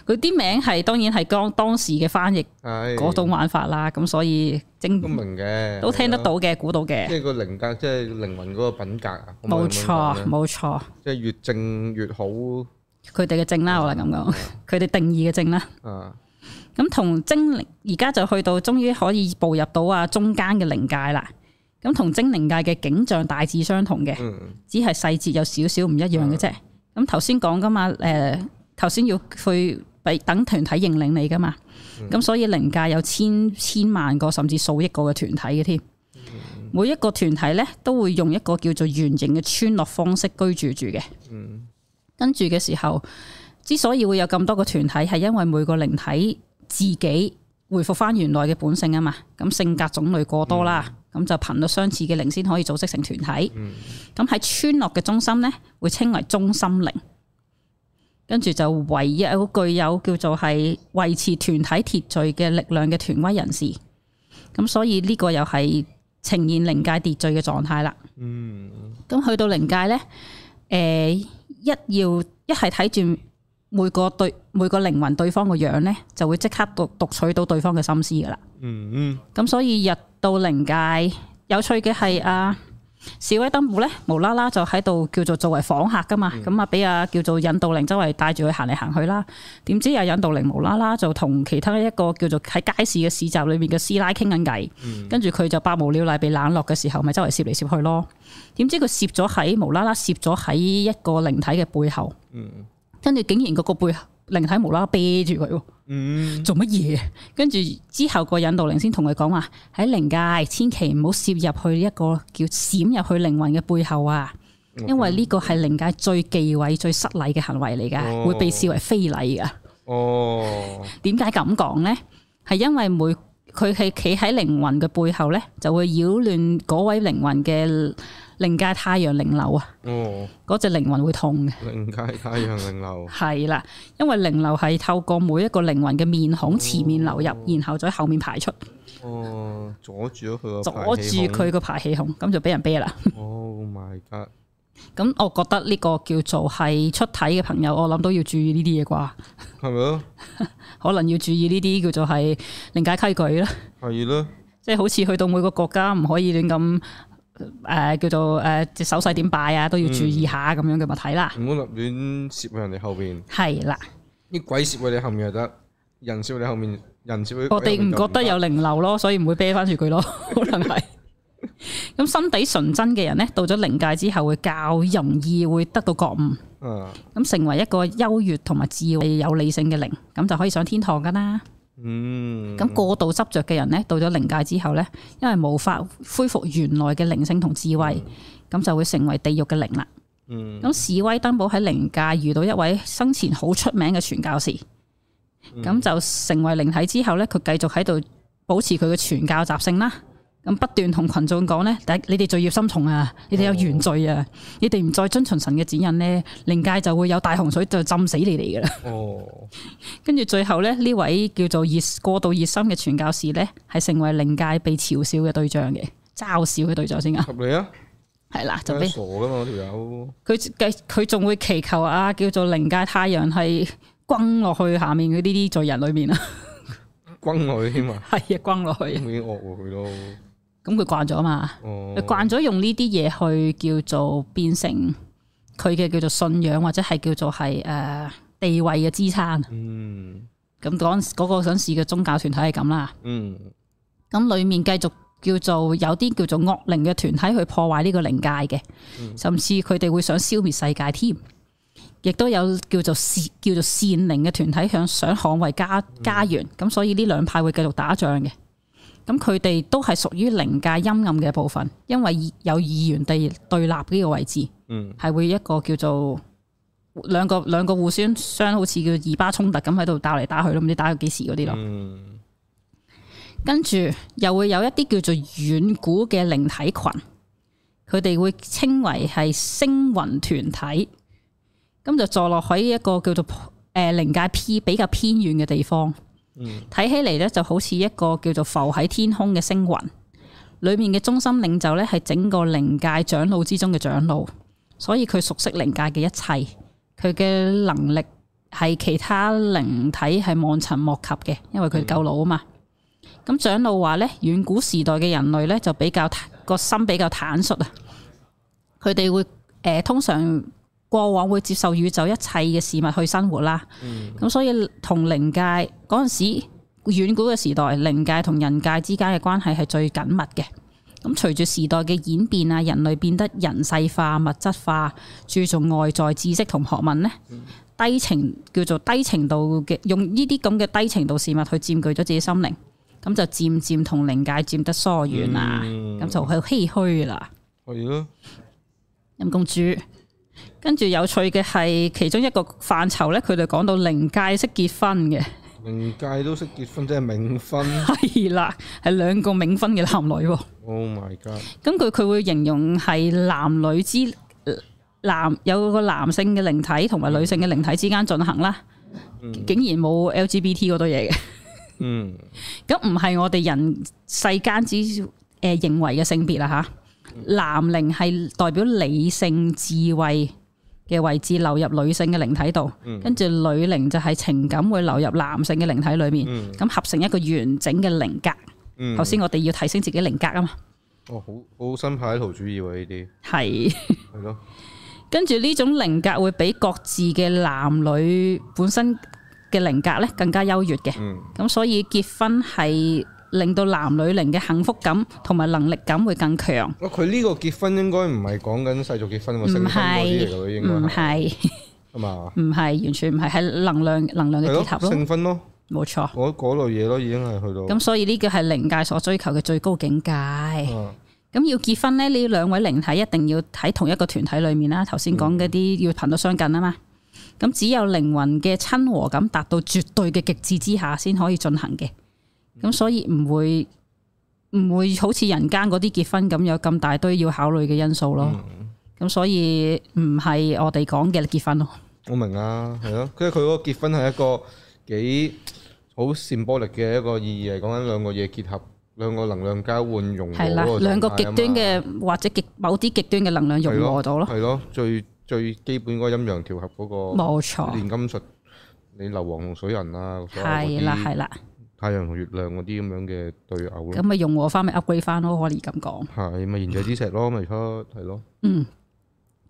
佢啲 名係當然係當當時嘅翻譯，嗰種玩法啦。咁、哎、呀所以精都明嘅，都聽得到嘅，啊、估到嘅。即係個靈格，好好錯即係靈魂嗰個品格啊。冇錯，冇錯。即係越正越好，佢哋嘅正啦，我能咁講，佢哋、嗯、定義嘅正啦。咁、啊嗯、同精靈而家就去到，終於可以步入到啊中間嘅靈界啦。咁同精靈界嘅景象大致相同嘅，嗯、只係細節有少少唔一樣嘅啫。咁頭先講噶嘛，誒，頭、呃、先要去俾等團體認領你噶嘛，咁、嗯、所以靈界有千千萬個甚至數億個嘅團體嘅添。嗯、每一個團體咧都會用一個叫做圓形嘅村落方式居住住嘅。嗯、跟住嘅時候，之所以會有咁多個團體，係因為每個靈體自己恢復翻原來嘅本性啊嘛，咁性格種類過多啦。嗯咁就憑到相似嘅靈先可以組織成團體。咁喺、嗯、村落嘅中心呢，會稱為中心靈，跟住就唯一有一個具有叫做係維持團體秩序嘅力量嘅權威人士。咁所以呢個又係呈現靈界秩序嘅狀態啦。嗯。咁去到靈界呢，誒、呃、一要一係睇住。每個對每個靈魂對方個樣咧，就會即刻讀讀取到對方嘅心思噶啦。嗯嗯。咁所以入到靈界，有趣嘅係啊，史威登堡咧，無啦啦就喺度叫做,做作為訪客噶嘛。咁啊、嗯，俾啊叫做引導靈周圍帶住佢行嚟行去啦。點知啊引導靈無啦啦就同其他一個叫做喺街市嘅市集裏面嘅師奶傾緊偈，跟住佢就百無聊賴被冷落嘅時候，咪周圍攝嚟攝去咯。點知佢攝咗喺無啦啦攝咗喺一個靈體嘅背後。嗯。跟住竟然嗰個背靈體無啦啦，啤住佢，做乜嘢？跟住之後個引導靈先同佢講話：喺靈界千祈唔好涉入去一個叫閃入去靈魂嘅背後啊，因為呢個係靈界最忌諱、最失禮嘅行為嚟噶，會被視為非禮噶。哦，點解咁講呢？係因為每佢係企喺靈魂嘅背後呢，就會擾亂嗰位靈魂嘅。靈界太陽靈流啊！哦，嗰隻靈魂會痛嘅。靈界太陽靈流係啦， 因為靈流係透過每一個靈魂嘅面孔前面流入，哦、然後再後面排出。哦，阻住咗佢個阻住佢個排氣孔，咁就俾人啤啦。哦、 oh、My God！咁我覺得呢個叫做係出體嘅朋友，我諗都要注意呢啲嘢啩。係咪啊？ 可能要注意呢啲叫做係靈界規矩啦。係啦的，即係 好似去到每個國家唔可以亂咁。誒、呃，叫做誒、呃，隻手勢點擺啊，都要注意下咁、嗯、樣嘅物體啦。唔好立亂攝人哋後邊。係啦，啲、嗯呃、鬼攝喺你後面得，啦人攝喺你後面，人攝喎。我哋唔覺得有靈流咯，所以唔會啤翻住佢咯，可能係。咁 心底純真嘅人咧，到咗靈界之後會較容易會得到覺悟。嗯、啊。咁成為一個優越同埋智慧有理性嘅靈，咁就可以上天堂㗎啦。嗯，咁過度執着嘅人咧，到咗靈界之後咧，因為無法恢復原來嘅靈性同智慧，咁就會成為地獄嘅靈啦。嗯，咁史威登堡喺靈界遇到一位生前好出名嘅傳教士，咁就成為靈體之後咧，佢繼續喺度保持佢嘅傳教習性啦。咁不斷同群眾講咧，第你哋罪孽深重啊，你哋有原罪啊，哦、你哋唔再遵循神嘅指引咧，靈界就會有大洪水就浸死你哋噶啦。哦，跟住最後咧，呢位叫做熱過度熱心嘅傳教士咧，係成為靈界被嘲笑嘅對象嘅，嘲笑嘅對象先噶。合理啊，係啦，就啲傻噶嘛，條友佢計佢仲會祈求啊，叫做靈界太陽系轟落去下面嗰啲罪人裏面啊，轟落去添啊，係啊，轟落去，惡過佢咯。 咁佢慣咗嘛？佢慣咗用呢啲嘢去叫做變成佢嘅叫做信仰，或者係叫做係誒、呃、地位嘅支撐。嗯，咁嗰陣嗰個想試嘅宗教團體係咁啦。嗯，咁裏面繼續叫做有啲叫做惡靈嘅團體去破壞呢個靈界嘅，甚至佢哋會想消滅世界添。亦都有叫做善叫做善靈嘅團體向想捍衛家家園，咁所以呢兩派會繼續打仗嘅。咁佢哋都係屬於靈界陰暗嘅部分，因為有二元地對立呢個位置，係、嗯、會一個叫做兩個兩個互相相好似叫以巴衝突咁喺度打嚟打去咯，唔知打到幾時嗰啲咯。嗯、跟住又會有一啲叫做遠古嘅靈體群，佢哋會稱為係星雲團體，咁就坐落喺一個叫做誒靈界偏比較偏遠嘅地方。睇起嚟咧，就好似一個叫做浮喺天空嘅星雲，裏面嘅中心領袖咧係整個靈界長老之中嘅長老，所以佢熟悉靈界嘅一切，佢嘅能力係其他靈體係望塵莫及嘅，因為佢夠老啊嘛。咁長老話咧，遠古時代嘅人類咧就比較個心比較坦率啊，佢哋會誒、呃、通常。過往會接受宇宙一切嘅事物去生活啦，咁、嗯、所以同靈界嗰陣時遠古嘅時代，靈界同人界之間嘅關係係最緊密嘅。咁隨住時代嘅演變啊，人類變得人世化、物質化，注重外在知識同學問呢，低程叫做低程度嘅，用呢啲咁嘅低程度事物去佔據咗自己心靈，咁就漸漸同靈界佔得疏遠啦，咁、嗯、就去唏噓啦。係啊，陰公豬。跟住有趣嘅係，其中一個範疇呢，佢哋講到靈界識結婚嘅，靈界都識結婚，即係冥婚。係啦，係兩個冥婚嘅男女。Oh my god！咁佢佢會形容係男女之男有個男性嘅靈體同埋女性嘅靈體之間進行啦，嗯、竟然冇 LGBT 嗰多嘢嘅。嗯。咁唔係我哋人世間之誒認為嘅性別啦吓，男靈係代表理性智慧，嘅位置流入女性嘅靈體度，跟住女靈就係情感會流入男性嘅靈體裏面，咁合成一個完整嘅靈格。頭先我哋要提升自己靈格啊嘛。哦，好好新派圖主義啊呢啲，係係咯。跟住呢種靈格會比各自嘅男女本身嘅靈格咧更加優越嘅。咁所以結婚係。令到男女靈嘅幸福感同埋能力感會更強。哦，佢呢個結婚應該唔係講緊世俗結婚，我聖婚嗰啲嚟嘅應該。唔係係嘛？唔係完全唔係喺能量能量嘅結合咯。聖婚咯，冇錯。我嗰類嘢咯，已經係去到。咁所以呢個係靈界所追求嘅最高境界。咁要結婚呢，呢兩位靈體一定要喺同一個團體裏面啦。頭先講嗰啲要頻度相近啊嘛。咁只有靈魂嘅親和感達到絕對嘅極致之下，先可以進行嘅。咁所以唔會唔會好似人間嗰啲結婚咁有咁大堆要考慮嘅因素咯。咁所以唔係我哋講嘅結婚咯。我明啊，係咯。即係佢嗰個結婚係一個幾好 symbolic 嘅一個意義嚟，講緊兩個嘢結合，兩個能量交換融合。係啦，兩個極端嘅，或者極某啲極端嘅能量融合到咯。係咯，最最基本嗰個陰陽調合嗰個。冇錯。煉金術，你硫磺水銀啊。係啦，係啦。太陽同月亮嗰啲咁樣嘅對偶咯，咁咪用翻咪 upgrade 翻咯，我可以咁講。係咪賢者之石咯，咪出係咯。嗯。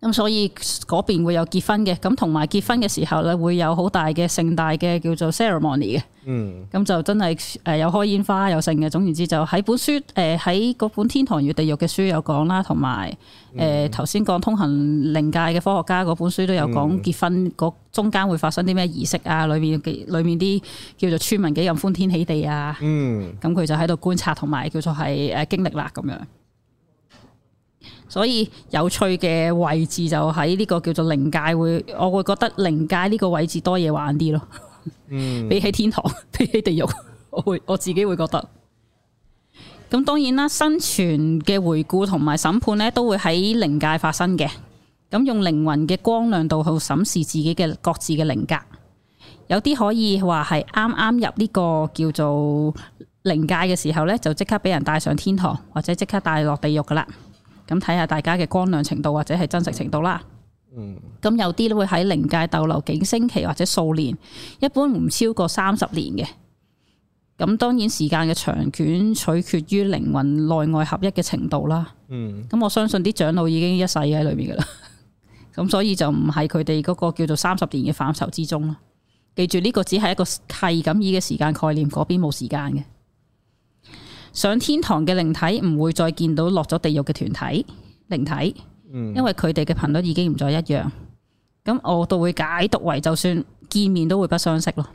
咁、嗯、所以嗰邊會有結婚嘅，咁同埋結婚嘅時候咧會有好大嘅盛大嘅叫做 ceremony 嘅、嗯，咁就真係誒有開煙花又盛嘅，總言之就喺本書誒喺嗰本天堂與地獄嘅書有講啦，同埋誒頭先講通行靈界嘅科學家嗰本書都有講結婚嗰中間會發生啲咩儀式啊，裏面嘅裏面啲叫做村民幾咁歡天喜地啊，咁佢、嗯、就喺度觀察同埋叫做係誒經歷啦咁樣。所以有趣嘅位置就喺呢個叫做靈界，會我會覺得靈界呢個位置多嘢玩啲咯。嗯，比起天堂，比起地獄，我會我自己會覺得咁。當然啦，生存嘅回顧同埋審判呢，都會喺靈界發生嘅。咁用靈魂嘅光亮度去審視自己嘅各自嘅靈格，有啲可以話係啱啱入呢個叫做靈界嘅時候呢，就即刻俾人帶上天堂，或者即刻帶落地獄噶啦。咁睇下大家嘅光亮程度或者係真實程度啦。嗯，咁有啲都會喺靈界逗留幾星期或者數年，一般唔超過三十年嘅。咁當然時間嘅長短取決於靈魂內外合一嘅程度啦。嗯，咁我相信啲長老已經一世喺裏面噶啦。咁、嗯、 所以就唔係佢哋嗰個叫做三十年嘅範疇之中咯。記住呢個只係一個係咁意嘅時間概念，嗰邊冇時間嘅。上天堂嘅靈體唔會再見到落咗地獄嘅團體靈體，因為佢哋嘅頻率已經唔再一樣。咁我都會解讀為，就算見面都會不相識咯。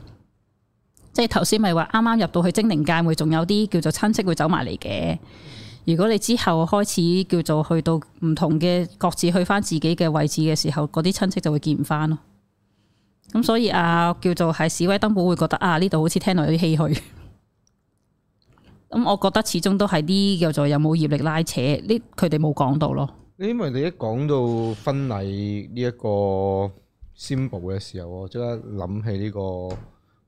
即係頭先咪話啱啱入到去精靈界，會仲有啲叫做親戚會走埋嚟嘅。如果你之後開始叫做去到唔同嘅各自去返自己嘅位置嘅時候，嗰啲親戚就會見唔返咯。咁所以啊，叫做喺示威登堡會覺得啊，呢度好似聽落有啲唏噓。咁我覺得始終都係啲叫做有冇業力拉扯，呢佢哋冇講到咯。因為你一講到婚禮呢一個宣佈嘅時候，我即刻諗起呢個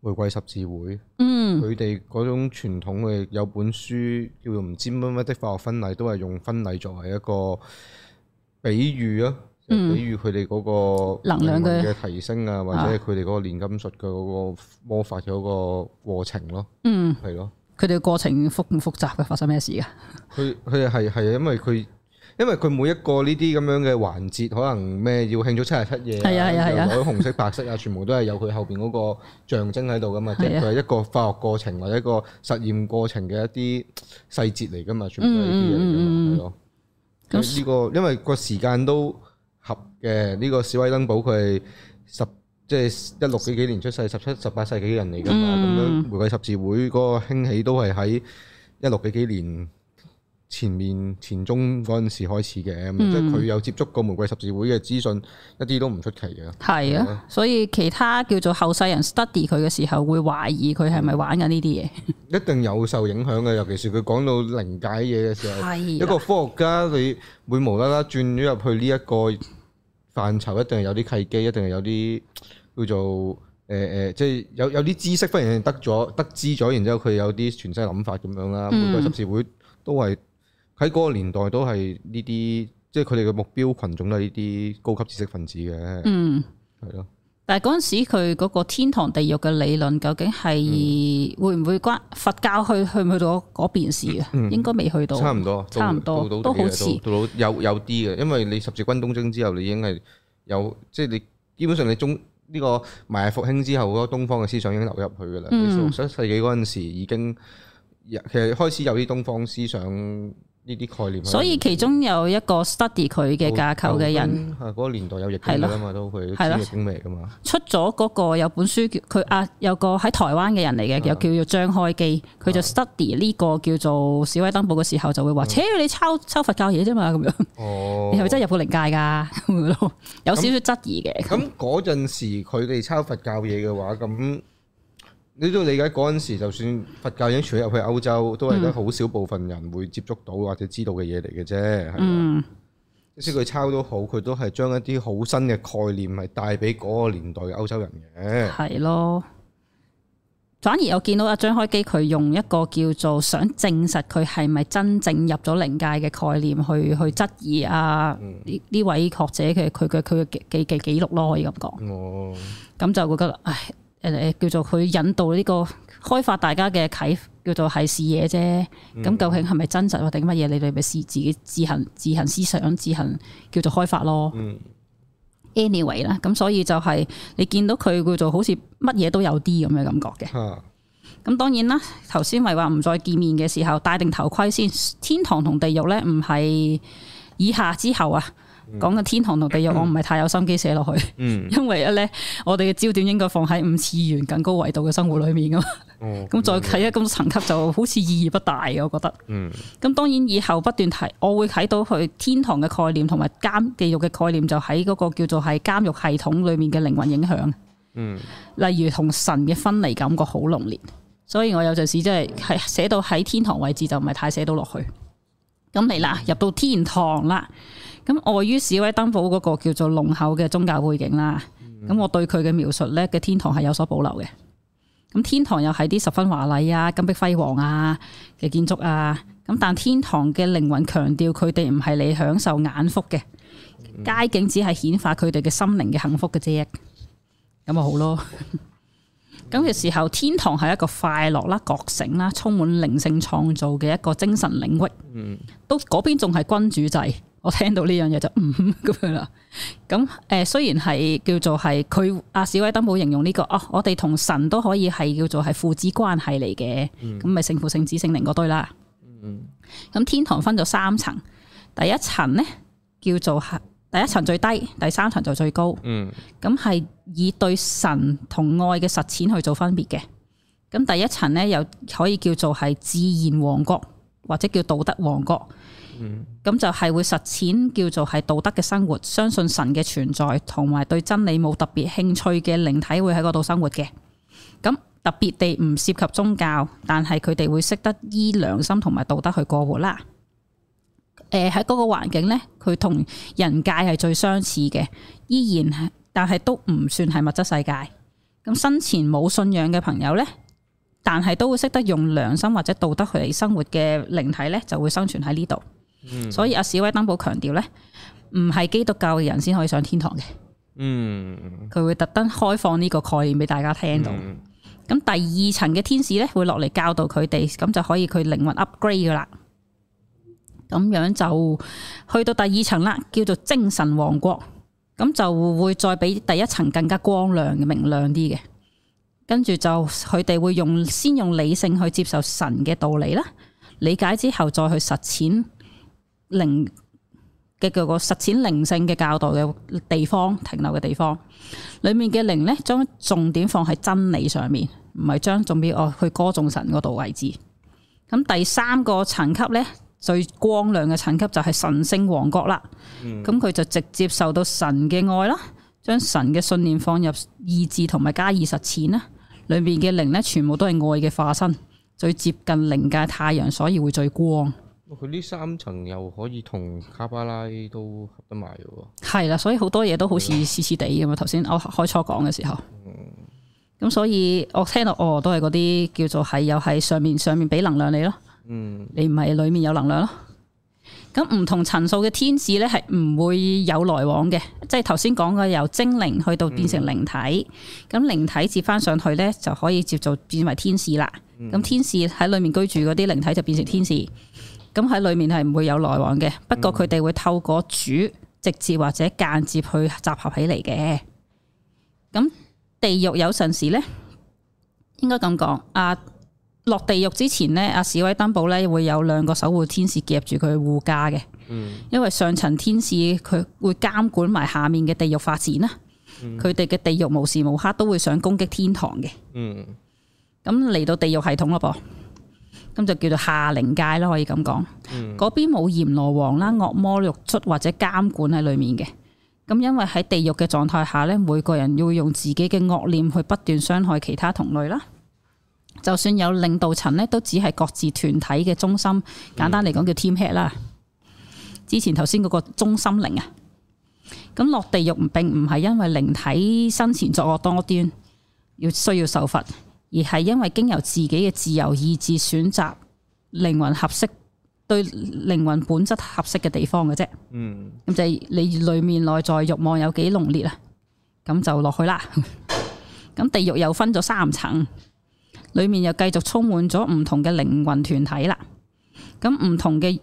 玫瑰十字會，嗯，佢哋嗰種傳統嘅有本書叫做唔知乜乜的化學婚禮，都係用婚禮作為一個比喻啊，比喻佢哋嗰個、嗯、能量嘅提升啊，或者佢哋嗰個煉金術嘅嗰個魔法嘅嗰個過程咯，嗯，係咯。佢哋嘅過程複唔複雜嘅？發生咩事嘅？佢佢係係因為佢因為佢每一個呢啲咁樣嘅環節，可能咩要慶祝七日七夜，啊，攞紅色白色啊， 全部都係有佢後邊嗰個象徵喺度噶嘛。佢、就、係、是、一個化學過程或者一個實驗過程嘅一啲細節嚟噶嘛，全部都係呢啲嚟嘅咯。咁呢個因為個時間都合嘅，呢、呢個史威登堡佢十即係一六幾幾年出世，十七、十八世紀嘅人嚟㗎嘛？咁樣、嗯、玫瑰十字會嗰個興起都係喺一六幾幾年前面前中嗰陣時開始嘅。嗯、即係佢有接觸過玫瑰十字會嘅資訊，一啲都唔出奇嘅。係、嗯、啊，啊所以其他叫做後世人 study 佢嘅時候，會懷疑佢係咪玩緊呢啲嘢。一定有受影響嘅，尤其是佢講到靈界嘢嘅時候，啊、一個科學家你會無啦啦轉咗入去呢一個範疇，一定係有啲契機，一定係有啲。叫做誒誒，即係有有啲知識忽然間得咗得知咗，然之後佢有啲全新諗法咁樣啦。每個十字會都係喺嗰個年代都係呢啲，即係佢哋嘅目標群眾都係呢啲高級知識分子嘅。嗯，係咯。但係嗰陣時佢嗰個天堂地獄嘅理論，究竟係會唔會關佛教去去唔去到嗰邊事啊？應該未去到。差唔多，差唔多，都好似有有啲嘅。因為你十字軍東征之後，你已經係有即係你基本上你中。呢、這個埋復興之後，嗰個東方嘅思想已經流入去㗎啦、嗯。其實，十一世紀嗰陣時已經，其實開始有啲東方思想。呢啲概念，所以其中有一個 study 佢嘅架構嘅人，係嗰、哦那個年代有逆境㗎嘛，都佢係逆境嚟㗎嘛。出咗嗰個有本書叫佢啊，有個喺台灣嘅人嚟嘅，又叫做張開基，佢的就 study 呢個叫做史威登堡嘅時候就會話：扯的你抄抄佛教嘢啫嘛，咁樣。哦。係咪真係入過靈界㗎？咯， 有少少質疑嘅。咁嗰陣時佢哋抄佛教嘢嘅話，咁。你都理解嗰陣時，就算佛教已經傳入去歐洲，都係得好少部分人會接觸到或者知道嘅嘢嚟嘅啫。嗯，即使佢抄都好，佢都係將一啲好新嘅概念係帶俾嗰個年代嘅歐洲人嘅。係咯，反而我見到阿張開基佢用一個叫做想證實佢係咪真正入咗靈界嘅概念去去質疑啊呢呢、嗯、位學者嘅佢嘅佢嘅記記記錄咯，可以咁講。哦，咁就覺得唉。誒，叫做佢引導呢個開發大家嘅啟，叫做係視野啫。咁、嗯、究竟係咪真實或定乜嘢？你哋咪試自己自行自行思想自行叫做開發咯。嗯、anyway 啦，咁所以就係你見到佢，叫做好似乜嘢都有啲咁嘅感覺嘅。咁、啊、當然啦，頭先咪話唔再見面嘅時候戴定頭盔先。天堂同地獄咧，唔係以下之後啊。講緊天堂同地獄，嗯、我唔係太有心機寫落去，嗯、因為一咧，我哋嘅焦點應該放喺五次元更高維度嘅生活裏面噶嘛。咁、哦嗯、 再睇一咁多層級，就好似意義不大嘅，我覺得。咁、嗯、當然以後不斷提，我會睇到佢天堂嘅概念同埋監地獄嘅概念，就喺嗰個叫做係監獄系統裏面嘅靈魂影響。嗯、例如同神嘅分離感覺好濃烈，所以我有陣時真係係寫到喺天堂位置就唔係太寫到落去。咁嚟啦，入到天堂啦。咁礙、呃、於示威登堡嗰個叫做濃厚嘅宗教背景啦，咁我對佢嘅描述咧嘅天堂係有所保留嘅。咁天堂又係啲十分華麗啊、金碧輝煌啊嘅建築啊。咁但天堂嘅靈魂強調佢哋唔係你享受眼福嘅街景，只係顯化佢哋嘅心靈嘅幸福嘅啫。咁咪好咯。咁 嘅時候，天堂係一個快樂啦、覺醒啦、充滿靈性創造嘅一個精神領域。嗯，都嗰邊仲係君主制。我聽到呢、嗯、樣嘢就唔咁樣啦，咁、嗯、誒，雖然係叫做係佢阿史威登冇形容呢、這個哦，我哋同神都可以係叫做係父子關係嚟嘅，咁咪聖父、聖子、聖靈嗰堆啦。咁、嗯、天堂分咗三層，第一層呢叫做第一層最低，第三層就最高。咁係、嗯、以對神同愛嘅實踐去做分別嘅。咁第一層呢又可以叫做係自然王國或者叫道德王國。咁就係會實踐叫做係道德嘅生活，相信神嘅存在，同埋對真理冇特別興趣嘅靈體會喺嗰度生活嘅。咁特別地唔涉及宗教，但係佢哋會識得依良心同埋道德去過活啦。誒、呃，喺嗰個環境呢，佢同人界係最相似嘅，依然，但係都唔算係物質世界。咁生前冇信仰嘅朋友呢，但係都會識得用良心或者道德去生活嘅靈體呢，就會生存喺呢度。所以阿史威登堡強調咧，唔係基督教嘅人先可以上天堂嘅。嗯，佢會特登開放呢個概念俾大家聽到。咁第二層嘅天使咧，會落嚟教導佢哋，咁就可以佢靈魂 upgrade 噶啦咁樣就去到第二層啦，叫做精神王國。咁就會再比第一層更加光亮嘅，明亮啲嘅。跟住就佢哋會用，先用理性去接受神嘅道理啦，理解之後再去實踐。靈嘅嗰個實踐靈性嘅教導嘅地方，停留嘅地方，裏面嘅靈呢，將重點放喺真理上面，唔係將重點哦去歌頌神嗰度位置。咁第三個層級呢，最光亮嘅層級就係神聖王國啦。咁佢、嗯、就直接受到神嘅愛啦，將神嘅信念放入意志同埋加以實踐啦。裏面嘅靈呢，全部都係愛嘅化身，最接近靈界太陽，所以會最光。佢呢三層又可以同卡巴拉都合得埋嘅喎，係啦，所以好多嘢都好似似似地咁嘛。頭先的我開初講嘅時候，咁、嗯、所以我聽到哦，都係嗰啲叫做係又喺上面上面俾能量、嗯、你咯，你唔係裏面有能量咯。咁唔同層數嘅天使呢係唔會有來往嘅，即係頭先講嘅由精靈去到變成靈體，咁靈、嗯、體接翻上去呢，就可以接做變為天使啦。咁、嗯、天使喺裏面居住嗰啲靈體就變成天使。嗯咁喺裏面係唔會有來往嘅，不過佢哋會透過主直接或者間接去集合起嚟嘅。咁地獄有陣時呢？應該咁講，啊落地獄之前呢，阿、啊、史威登堡呢會有兩個守護天使夾住佢護駕嘅。嗯、因為上層天使佢會監管埋下面嘅地獄發展啦。佢哋嘅地獄無時無刻都會想攻擊天堂嘅。嗯，咁嚟到地獄系統咯噃。咁就叫做下靈界啦，可以咁講。嗰邊冇閻羅王啦、惡魔獄卒或者監管喺裏面嘅。咁因為喺地獄嘅狀態下咧，每個人要用自己嘅惡念去不斷傷害其他同類啦。就算有領導層咧，都只係各自團體嘅中心。簡單嚟講叫 team head 啦。嗯。之前頭先嗰個中心靈啊，咁落地獄並唔係因為靈體生前作惡多端，要需要受罰。而係因為經由自己嘅自由意志選擇靈魂合適、對靈魂本質合適嘅地方嘅啫。嗯，咁就係你裏面內在欲望有幾濃烈啊？咁就落去啦。咁 地獄又分咗三層，裏面又繼續充滿咗唔同嘅靈魂團體啦。咁唔同嘅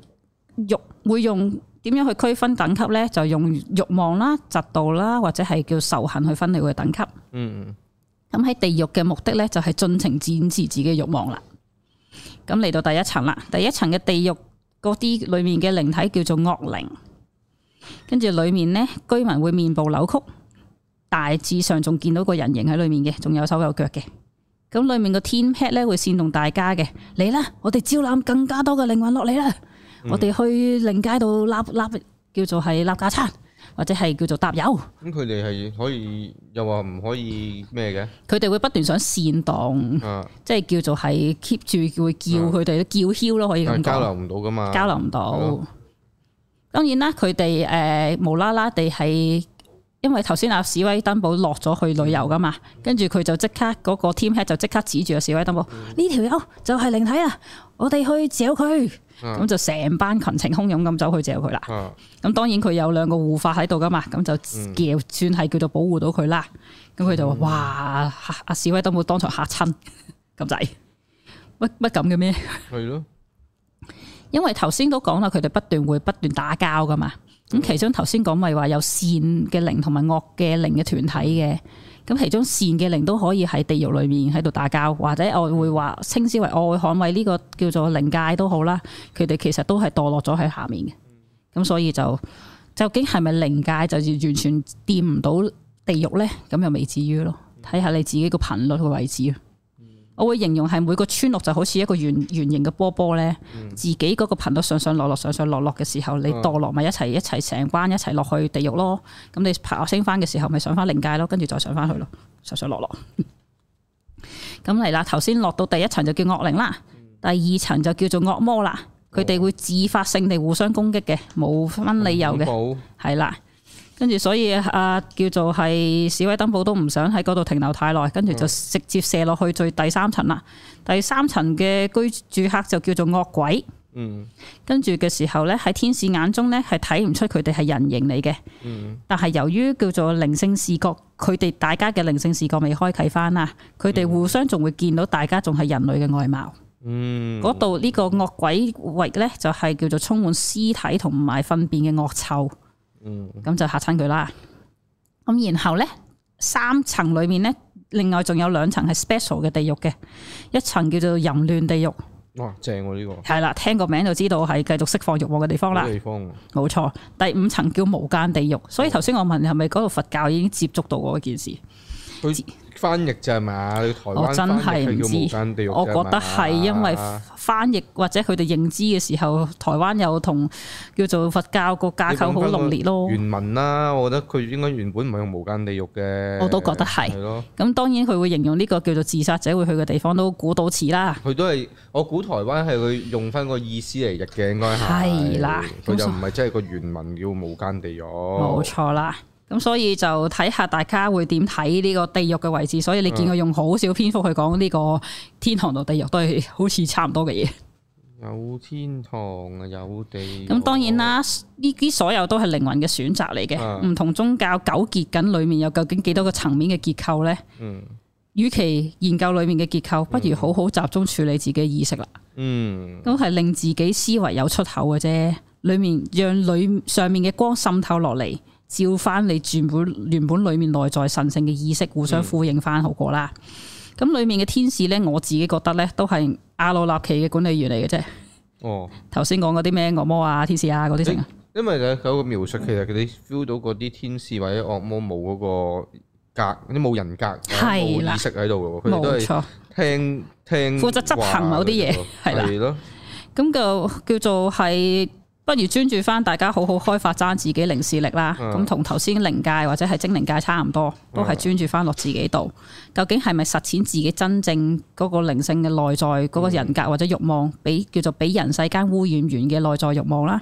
欲會用點樣去區分等級呢？就用欲望啦、嫉妒啦，或者係叫仇恨去分類嘅等級。嗯。咁喺地獄嘅目的咧，就係盡情展示自己嘅欲望啦。咁嚟到第一層啦，第一層嘅地獄嗰啲裏面嘅靈體叫做惡靈，跟住裏面呢，居民會面部扭曲，大致上仲見到個人形喺裏面嘅，仲有手有腳嘅。咁裏面個天黑咧會煽動大家嘅，嚟啦！我哋招攬更加多嘅靈魂落嚟啦，我哋去靈界度叫做係立架餐。.或者係叫做搭友，咁佢哋係可以又話唔可以咩嘅？佢哋會不斷想煽動，即係、啊、叫做係 keep 住會叫佢哋叫囂咯，可以咁講。交流唔到噶嘛？交流唔到。的當然啦，佢哋誒無啦啦地係，因為頭先啊史威登堡落咗去旅遊噶嘛，跟住佢就即刻嗰個 team head 就即刻指住個史威登堡呢條友就係靈體啊！我哋去找佢。咁就成班群情洶湧咁走去借佢啦。咁、啊、當然佢有兩個護法喺度噶嘛，咁就嘅算係叫做保護到佢啦。咁佢、嗯、就話：嗯、哇！阿示威都冇當場嚇親咁滯乜乜咁嘅咩？係 咯。 的因為頭先都講啦，佢哋不斷會不斷打交噶嘛。咁、嗯、其中頭先講咪話有善嘅靈同埋惡嘅靈嘅團體嘅。咁其中善嘅靈都可以喺地獄裏面喺度打交，或者我會話稱之為我會捍衞呢個叫做靈界都好啦。佢哋其實都係墮落咗喺下面嘅，咁所以就，就究竟係咪靈界就完全掂唔到地獄呢？咁又未至於咯，睇下你自己個頻率個位置。我會形容係每個村落，就好似一個圓圓形嘅波波咧，自己嗰個頻率上上落落上上落落嘅時候，你墮落咪一齊一齊成關一齊落去地獄咯。咁你爬升翻嘅時候，咪上翻靈界咯，跟住再上翻去咯，上上落落。咁、嗯、嚟啦，頭先落到第一層就叫惡靈啦，第二層就叫做惡魔啦。佢哋會自發性地互相攻擊嘅，冇分理由嘅，係怖啦。跟住，所以阿、啊、叫做係史威登堡都唔想喺嗰度停留太耐，跟住就直接射落去最第三層啦。第三層嘅居住客就叫做惡鬼。嗯、跟住嘅時候呢，喺天使眼中呢，係睇唔出佢哋係人形嚟嘅。但係由於叫做靈性視覺，佢哋大家嘅靈性視覺未開啟翻啦，佢哋互相仲會見到大家仲係人類嘅外貌。嗰度呢個惡鬼域呢，就係叫做充滿屍體同埋糞便嘅惡臭。.嗯，咁就嚇親佢啦。咁然後咧，三層裏面咧，另外仲有兩層係 special 嘅地獄嘅，一層叫做淫亂地獄。哇，正喎呢個。係啦，聽個名就知道係繼續釋放欲望嘅地方啦。地方啊。冇錯，第五層叫無間地獄。所以頭先我問你，係咪嗰度佛教已經接觸到嗰件事。翻譯就係嘛？台灣翻譯用無間地獄啫嘛。我真係唔知，我覺得係因為翻譯或者佢哋認知嘅時候，台灣有同叫做佛教個架構好濃烈咯。原文啦，我覺得佢應該原本唔係用無間地獄嘅。我都覺得係。係咯。咁當然佢會形容呢個叫做自殺者會去嘅地方都估到似啦。佢都係我估台灣係佢用翻個意思嚟譯嘅應該係。係啦，佢就唔係真係個原文叫無間地獄。冇錯啦。.咁所以就睇下大家會點睇呢個地獄嘅位置。所以你見佢用好少篇幅去講呢個天堂同地獄都係好似差唔多嘅嘢，有天堂啊，有地。咁當然啦，呢啲所有都係靈魂嘅選擇嚟嘅。唔同、啊、宗教糾結緊裏面有究竟幾多個層面嘅結構呢？與其、嗯、研究裏面嘅結構，不如好好集中處理自己嘅意識啦。嗯，都係令自己思維有出口嘅啫。裏面讓裏上面嘅光滲透落嚟。照翻你原本原本裏面內在神聖嘅意識互相呼應翻好過啦。咁裏面嘅天使咧，我自己覺得咧都係阿魯納奇嘅管理員嚟嘅啫。哦噢，頭先講嗰啲咩惡魔啊、天使啊嗰啲嘢，因為佢佢個描述其實佢哋 feel 到嗰啲天使、嗯、或者惡魔冇嗰個格，啲冇人格，冇意識喺度嘅，佢冇錯聽聽負責執行某啲嘢係啦。咁啦就叫做係。不如專注翻大家好好開發爭自己靈視力啦，咁同頭先靈界或者係精靈界差唔多，都係專注翻落自己度，嗯、究竟係咪實踐自己真正嗰個靈性嘅內在嗰個人格或者欲望，俾叫做俾人世間污染源嘅內在欲望啦，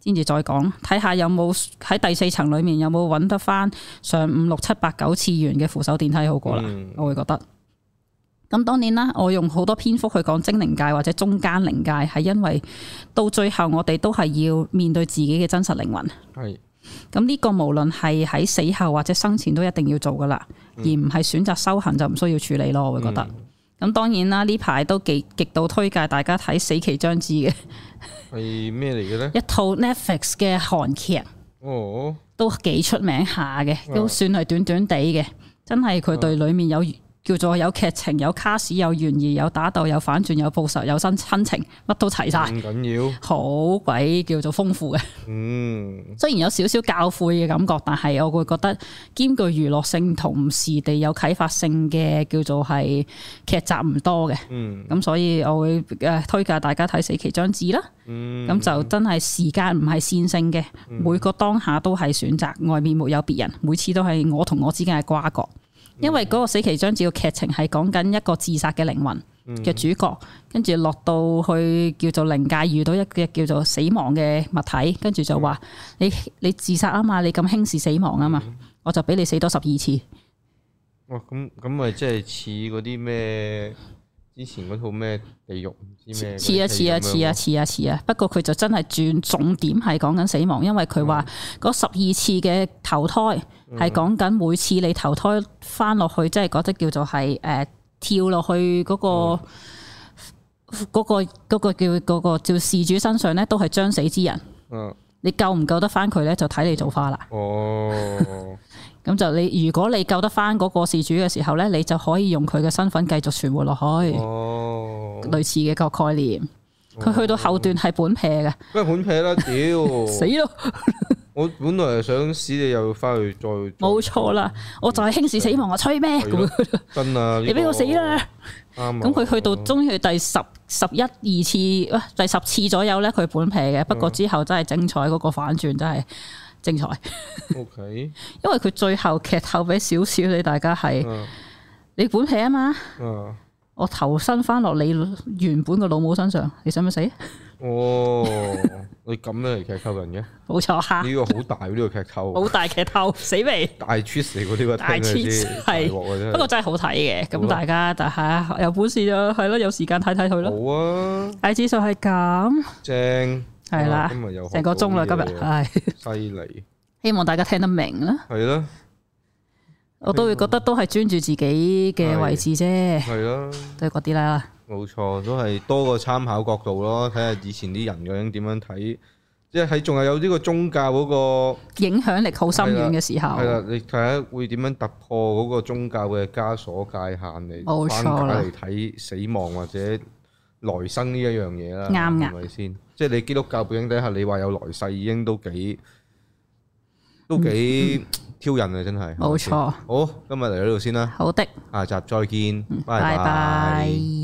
先至再講，睇下有冇喺第四層裏面有冇揾得翻上五六七八九次元嘅扶手電梯好過啦，嗯、我會覺得。咁當然啦，我用好多篇幅去講精靈界或者中間靈界，係因為到最後我哋都係要面對自己嘅真實靈魂。係是。咁呢個無論係喺死後或者生前都一定要做噶啦，嗯、而唔係選擇修行就唔需要處理咯。我會覺得。咁、嗯、當然啦，呢排都幾極，極度推介大家睇《死期將至》嘅。係咩嚟嘅呢？一套 Netflix 嘅韓劇。哦。都幾出名下嘅，都算係短短地嘅，真係佢對裡面有。叫做有劇情、有卡士、有懸疑、有打鬥、有反轉、有報仇、有新親情，乜都齊晒。唔緊要，好鬼叫做豐富嘅。嗯，雖然有少少教誨嘅感覺，但係我會覺得兼具娛樂性，同時地有啟發性嘅叫做係劇集唔多嘅。嗯，咁所以我會誒推介大家睇《死期將至》啦。嗯，咁就真係時間唔係線性嘅，每個當下都係選擇外面沒有別人，每次都係我同我之間嘅瓜葛。因為嗰個死期將至嘅劇情係講緊一個自殺嘅靈魂嘅主角，跟住落到去叫做靈界，遇到一個叫做死亡嘅物體，跟住就話、嗯、你你自殺啊嘛，你咁輕視死亡啊嘛，嗯、我就俾你死多十二次。哇！咁咁咪即係似嗰啲咩？之前嗰套咩地獄？似啊似啊似啊似啊似啊！不過佢就真係轉重點係講緊死亡，因為佢話嗰十二次嘅投胎係講緊每次你投胎翻落去，即係覺得叫做係誒、呃、跳落去嗰、嗰個嗰、嗯嗰個、嗰個叫、嗰個叫、嗰個、叫事主身上咧，都係將死之人。嗯，你救唔救得翻佢咧？就睇你造化啦、嗯。哦。咁就你如果你救得翻嗰個事主嘅時候咧，你就可以用佢嘅身份繼續存活落去。哦，類似嘅個概念，佢去到後段係本皮嘅，咩本皮啦、啊。屌死咯！我本來想死你，又翻去再。冇錯啦、啊，我就係輕視死亡，我吹咩咁？真啊！你俾我死啦！啱、嗯。咁佢 去到終於第十、十一、二次，哇！第十次左右咧，佢本皮嘅。不過之後真係精彩，嗰個反轉真係。 精彩，OK。因為佢最後劇透俾少少你大家係，你本片啊嘛，我投身翻落你原本個老母身上，你想唔想死？哦，你咁樣嚟劇透人嘅，冇錯吓。呢個好大呢個劇透，好 大劇透，死未？大 Choose 嗰啲個大 Choose 係，不過真係好睇嘅。咁大家但係有本事就係咯，有時間睇睇佢咯。好啊，大指數係咁正。係啦，成個鐘啦今日，係犀利。害希望大家聽得明啦。係啦了，我都會覺得都係專注自己嘅位置啫。係啦了了，都係嗰啲啦。冇錯，都係多個參考角度咯，睇下以前啲人究竟點樣睇，即係喺仲係有呢個宗教嗰個影響力好深遠嘅時候。係啦，你睇下會點樣突破嗰個宗教嘅枷鎖界限嚟，翻返嚟睇死亡或者來生呢一樣嘢啦。啱啊了，係咪先？即係你基督教背景底下，你話有來世已經都幾都幾挑釁嘅，真係。冇錯。好，今日嚟到呢度先啦。好的。下集再見。拜拜。